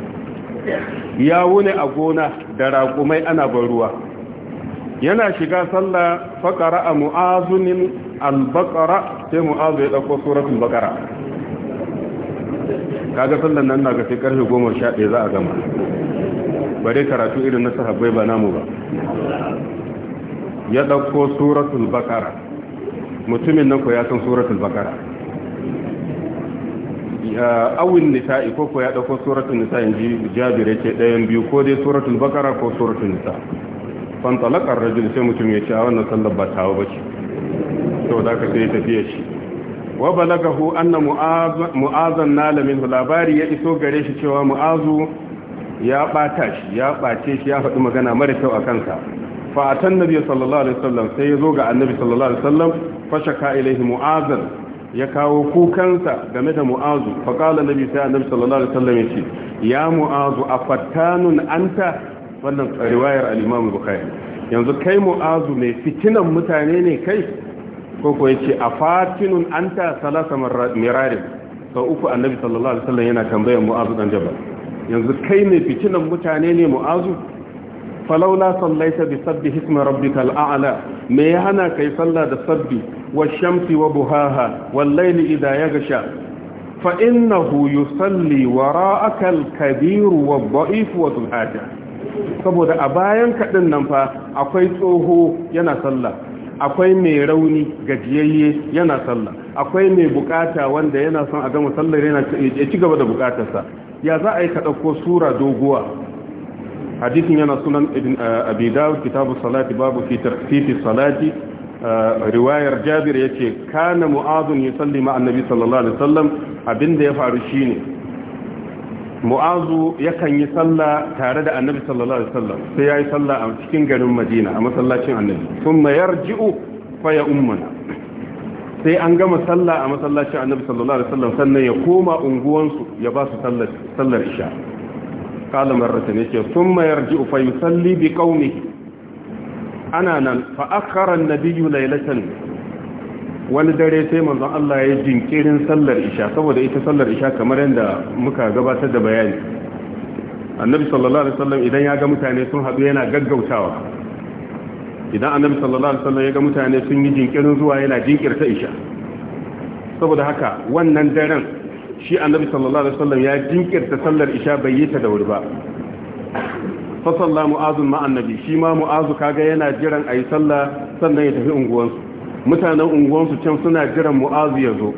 ya wune a gona da rakumai ana ban ruwa yana shiga sallah faƙara a al-baqara sai mu'azu ya dauko suratul baqara kaga sallan nan na ga sai karfe goma za a gama ba dai karatu irin na sahabbai ba namu ba ya dauko suratul bakara mutumin nan ko ya san suratul bakara awin nisa'i ko ko ya dauko suratul nisa in ji jabir yake ɗayan biyu ko dai suratul bakara ko suratul nisa fantalakar rajul sai mutum ya ci a wannan sallar ba tawo ba ce to da ka sai tafiya shi wa balagahu anna mu'azan nala minhu labari ya iso gare shi cewa mu'azu ya bata shi ya bace shi ya faɗi magana mara kyau a kansa fa atan nabi sallallahu alaihi wasallam sai ya zo ga annabi sallallahu alaihi wasallam fa shaka ilaihi mu'azan ya kawo kukansa game da mu'azu fa qala nabi sai annabi sallallahu alaihi wasallam ya ce ya mu'azu afattanun anta wannan riwayar al-imam bukhari yanzu kai mu'azu mai fitinan mutane ne kai koko ya ce a fatinun an ta salasa mirarin sau uku annabi sallallahu alaihi wasallam yana tambayar mu'azu dan jabal yanzu kai mai fitinan mutane ne mu'azu falaula sallaita bi sabbi hisma rabbikal a'la me ya hana kai sallah da sabbi wa shamsi wa buhaha wal layli idha yaghsha fa innahu yusalli wara'aka al kabir wa dha'if wa dhul saboda a bayan kadin nan fa akwai tsoho yana sallah akwai mai rauni gajiyayye yana sallah akwai mai bukata wanda yana son a gama sallar yana ya ci gaba da bukatarsa ya za a yi ka sura doguwa hadisin yana sunan ibn eh, abi kitabu salati babu fi salati eh, riwayar jabir yace kana mu'adun yusalli ma annabi sallallahu alaihi wasallam abinda ya faru shine mu'azu yakan yi sallah tare da annabi sallallahu alaihi wasallam sai yayi sallah a cikin garin madina a masallacin annabi thumma yarji'u fa ya ummana sai an gama sallah a masallacin annabi sallallahu alaihi wasallam sannan ya koma unguwansu ya ba su sallar sallar isha kala marratan yake thumma yarji'u fa yusalli bi qaumi ana nan fa akhara an-nabiyyu laylatan wani dare sai manzon Allah ya jinkirin sallar isha saboda ita sallar isha kamar yadda muka gabatar da bayani annabi sallallahu alaihi wasallam idan ya ga mutane sun haɗu yana gaggautawa idan annabi sallallahu alaihi wasallam ya ga mutane sun yi jinkirin zuwa yana jinkirta isha saboda haka wannan daren shi annabi sallallahu alaihi wasallam ya jinkirta sallar isha bai yi ta da wuri ba fa sallamu mu'azun ma annabi shi ma mu'azu kaga yana jiran ayi sallah sannan ya tafi unguwansu mutanen unguwansu can suna jiran mu'azu ya zo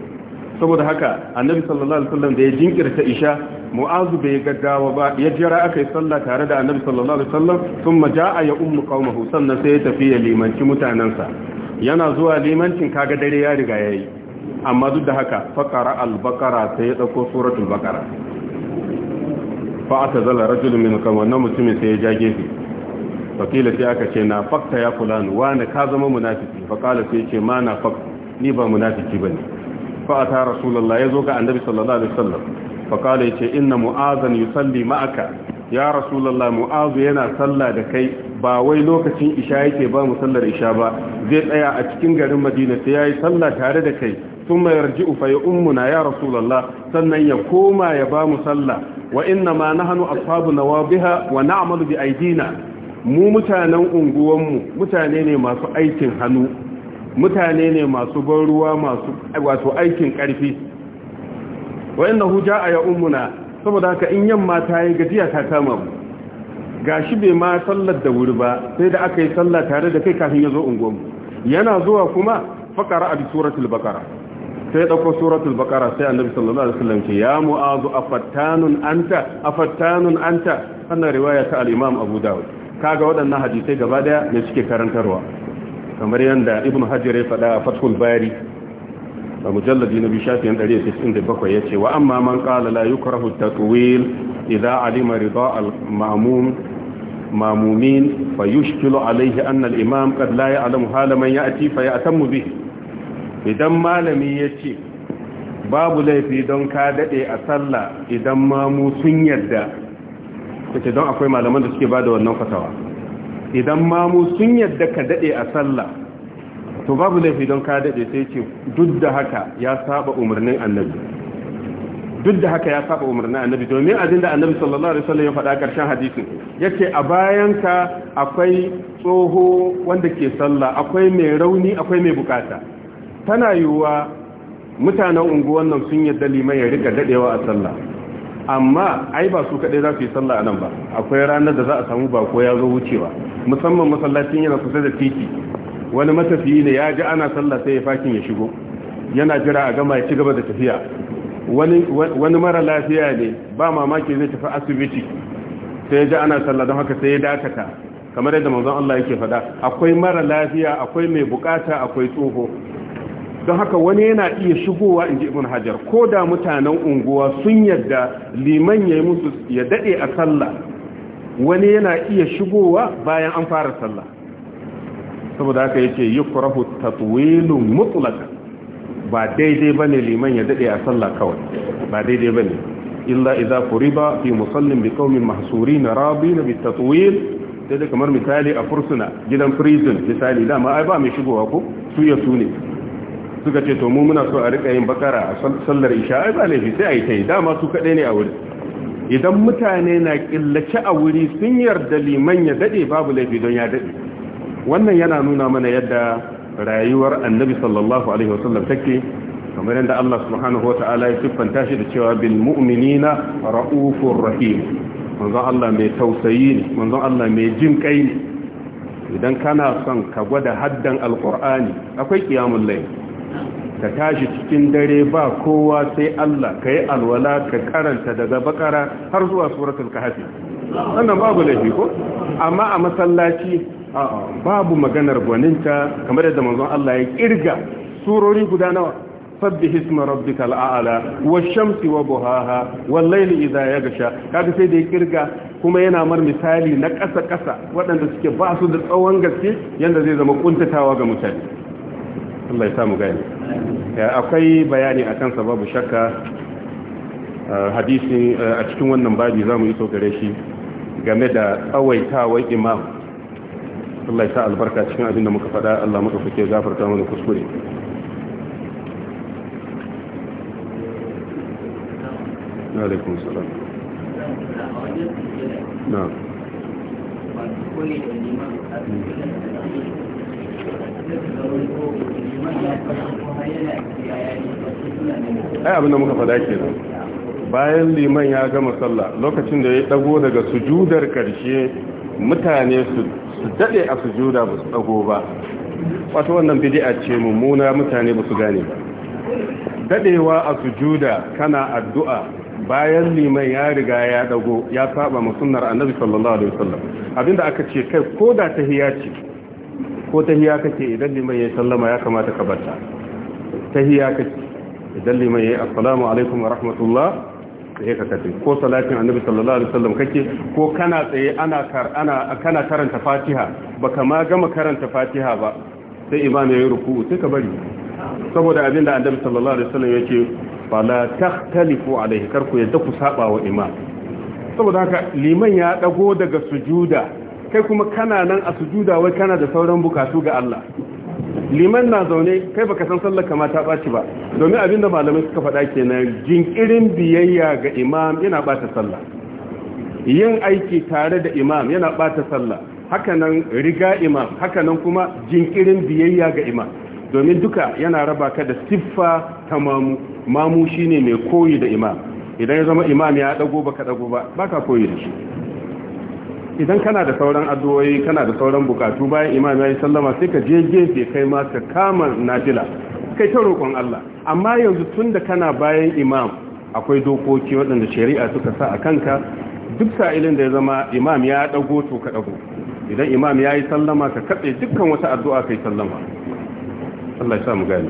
saboda haka annabi sallallahu alaihi wasallam da ya jinkirta isha mu'azu bai gaggawa ba ya jira aka yi sallah tare da annabi sallallahu alaihi wasallam thumma jaa ya ummu qaumahu sannan sai ya tafi ya limanci mutanansa yana zuwa limancin kaga dare ya riga yayi amma duk da haka faqara al-baqara sai ya dauko suratul baqara fa atazala rajulun min qawmin mutumin sai ya jage shi fakila sai aka ce na fakta ya fulani wani ka zama munafiki fakala sai ce ma na fakta ni ba munafiki ba ne fa'ata rasulallah ya zo ga annabi sallallahu alaihi wasallam fakala ya ce inna mu'azan salli ma'aka ya rasulallah mu'azu yana sallah da kai ba wai lokacin isha yake ba mu sallar isha ba zai tsaya a cikin garin madina sai yi sallah tare da kai ya ثم يرجع ya يا رسول الله سنن يقوم يبام nahanu ashabu nawabiha wa namalu bi بأيدينا mu mutanen unguwanmu mutane ne masu aikin hannu mutane ne masu ban ruwa masu wato aikin karfi wayanna huja a ummuna saboda haka in yamma ta yi gajiya ta kama mu gashi bai ma sallar da wuri ba sai da aka yi sallar tare da kai kafin ya zo unguwanmu yana zuwa kuma faƙara a suratul baqara sai dauko suratul baqara sai annabi sallallahu alaihi wasallam ce ya mu'azu afattanun anta afattanun anta annar riwaya ta al-imam abu dawud kaga waɗannan hadisai gaba daya ne suke karantarwa kamar yadda ibn hajjar ya faɗa a fathul bari a mujalladi na bishafiyan 197 ya ce wa amma man ƙala la yi kurahu tatuwil idza alima rida al-ma'mum mamumin fa yushkilu alaihi anna imam qad la ya'lamu halaman ya'ti fa ya'tammu bihi idan malami ya ce babu laifi don ka daɗe a sallah idan mamu sun yadda kace don akwai malaman da suke bada wannan fatawa idan mamu sun yadda ka dade a sallah to babu laifi don ka dade sai ce duk da haka ya saba umarnin annabi duk da haka ya saba umarnin annabi domin abin da annabi sallallahu alaihi wasallam ya faɗa karshen hadisin yace a bayan ka akwai tsoho wanda ke sallah akwai mai rauni akwai mai bukata tana yiwuwa mutanen unguwan nan sun yadda liman ya rika dadewa a sallah amma ai ba su kaɗai za su yi sallah a nan ba akwai ranar da za a samu ba ko ya zo wucewa musamman masallacin yana kusa da titi wani matafiyi ne ya ji ana sallah sai ya fakin ya shigo yana jira a gama ya ci gaba da tafiya wani mara lafiya ne ba mamaki zai tafi asibiti sai ya ji ana sallah don haka sai ya dakata kamar yadda manzon Allah yake faɗa akwai mara lafiya akwai mai bukata akwai tsoho don haka wani yana iya shigowa in ji ibn hajar ko da mutanen unguwa sun yadda liman ya yi musu ya daɗe a sallah wani yana iya shigowa bayan an fara sallah saboda haka ya ce yi kurahu tatwilun mutlaka ba daidai ba ne liman ya daɗe a sallah kawai ba daidai ba ne illa iza kuriba fi musallin bi kaumin mahsuri na rabi na bi tatwil daidai kamar misali a fursuna gidan prison misali ma ai ba mai shigowa ko su ya su ne suka ce to mu muna so a rika yin bakara a sallar isha ai ba laifi sai a yi ta yi dama su kaɗai ne a wuri idan mutane na killace a wuri sun yarda liman ya daɗe babu laifi don ya daɗe wannan yana nuna mana yadda rayuwar annabi sallallahu alaihi wasallam take kamar yadda Allah subhanahu wa ta'ala ya siffanta shi da cewa bil mu'minina ra'ufur rahim manzon Allah mai tausayi ne manzon Allah mai jin kai ne idan kana son ka gwada haddan alqur'ani akwai qiyamul layl ka tashi cikin dare ba kowa sai Allah ka yi alwala ka karanta daga bakara har zuwa suratul kahfi wannan babu laifi ko amma a masallaci babu maganar gwaninta kamar yadda manzon Allah ya kirga surori guda nawa sabbih isma rabbikal a'la wash-shamsi wa buhaha wal-layli idha yaghsha kaga sai da ya kirga kuma yana mar misali na ƙasa-ƙasa waɗanda suke ba su da tsawon gaske yadda zai zama ƙuntatawa ga mutane Allah ya samu gani akwai bayani a kansa babu shakka hadisi a cikin wannan babi za mu iso gare shi game da tsawaitawar imam Allah ta albarka cikin abin da muka faɗa Allah muka fike zafarta wani kuskure ai abinda muka fada ke nan bayan liman ya gama sallah lokacin da ya dago daga sujudar karshe mutane su dade a sujuda ba su dago ba wato wannan bid'a ce mummuna mutane ba su gane ba dadewa a sujuda kana addu'a bayan liman ya riga ya dago ya saba ma annabi sallallahu alaihi wasallam abinda aka ce kai koda tahiyya ce ko tahiya kake idan liman ya sallama ya kamata ka ta tahiya kake idan liman ya assalamu alaikum wa rahmatullah sai ka kace ko salatin annabi sallallahu alaihi wasallam kake ko kana tsaye ana kar ana kana karanta fatiha baka ma gama karanta fatiha ba sai imam ya yi ruku'u sai ka bari saboda abinda annabi sallallahu alaihi wasallam yake ta takhtalifu alaihi karku yadda ku saba wa imam saboda haka liman ya dago daga sujuda kai kuma kana nan a sujuda wai kana da sauran bukatu ga Allah liman na zaune kai baka san sallar kama ta baci ba domin abin da malamai suka faɗa kenan jinkirin biyayya ga imam yana bata sallah yin aiki tare da imam yana bata sallah hakanan riga imam hakanan kuma jinkirin biyayya ga imam domin duka yana raba ka da siffa ta mamu mamu mai koyi da imam idan ya zama imam ya dago baka dago ba baka koyi da shi idan kana da sauran addu'o'i kana da sauran bukatu bayan imam ya yi sallama sai ka je gefe kai ma ka kama nafila kai ta roƙon Allah amma yanzu tun da kana bayan imam akwai dokoki waɗanda shari'a suka sa a kanka duk sa'ilin da ya zama imam ya ɗago to ka ɗago idan imam ya yi sallama ka katse dukkan wata addu'a kai sallama Allah ya sa mu gani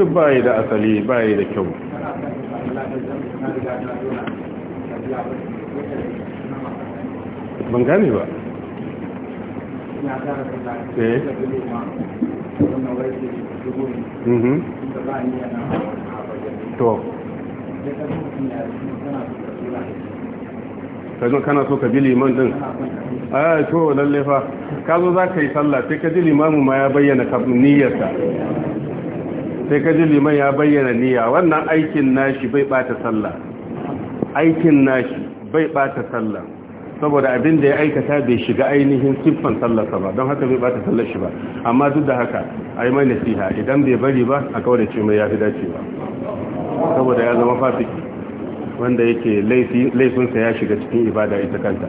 duk bayi da asali bayi da kyau ban gane ba eh mhm to kana so ka ji liman din a eh, to lalle fa ka zo za ka yi sallah sai ka ji limamu ma ya bayyana niyyarsa sai ka ji liman ya bayyana niyya wannan aikin nashi bai bata sallah aikin nashi bai bata sallah saboda abin da ya aikata bai shiga ainihin siffan sallarsa ba don haka bai bata sallar shi ba amma duk da haka a yi mai nasiha idan bai bari ba a kawai ce mai ya fi dacewa saboda ya zama fasiki wanda yake laifinsa ya shiga cikin ibada ita kanta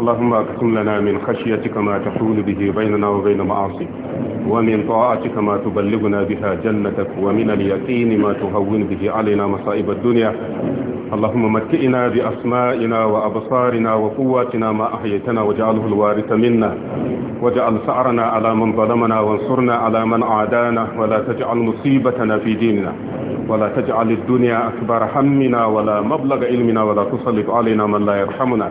اللهم اقسم لنا من خشيتك ما تحول به بيننا وبين معاصيك ومن طاعتك ما تبلغنا بها جنتك ومن اليقين ما تهون به علينا مصائب الدنيا اللهم متئنا بأسمائنا وأبصارنا وقواتنا ما أحيتنا واجعله الوارث منا واجعل سعرنا على من ظلمنا وانصرنا على من عادانا ولا تجعل مصيبتنا في ديننا ولا تجعل الدنيا أكبر همنا ولا مبلغ علمنا ولا تسلط علينا من لا يرحمنا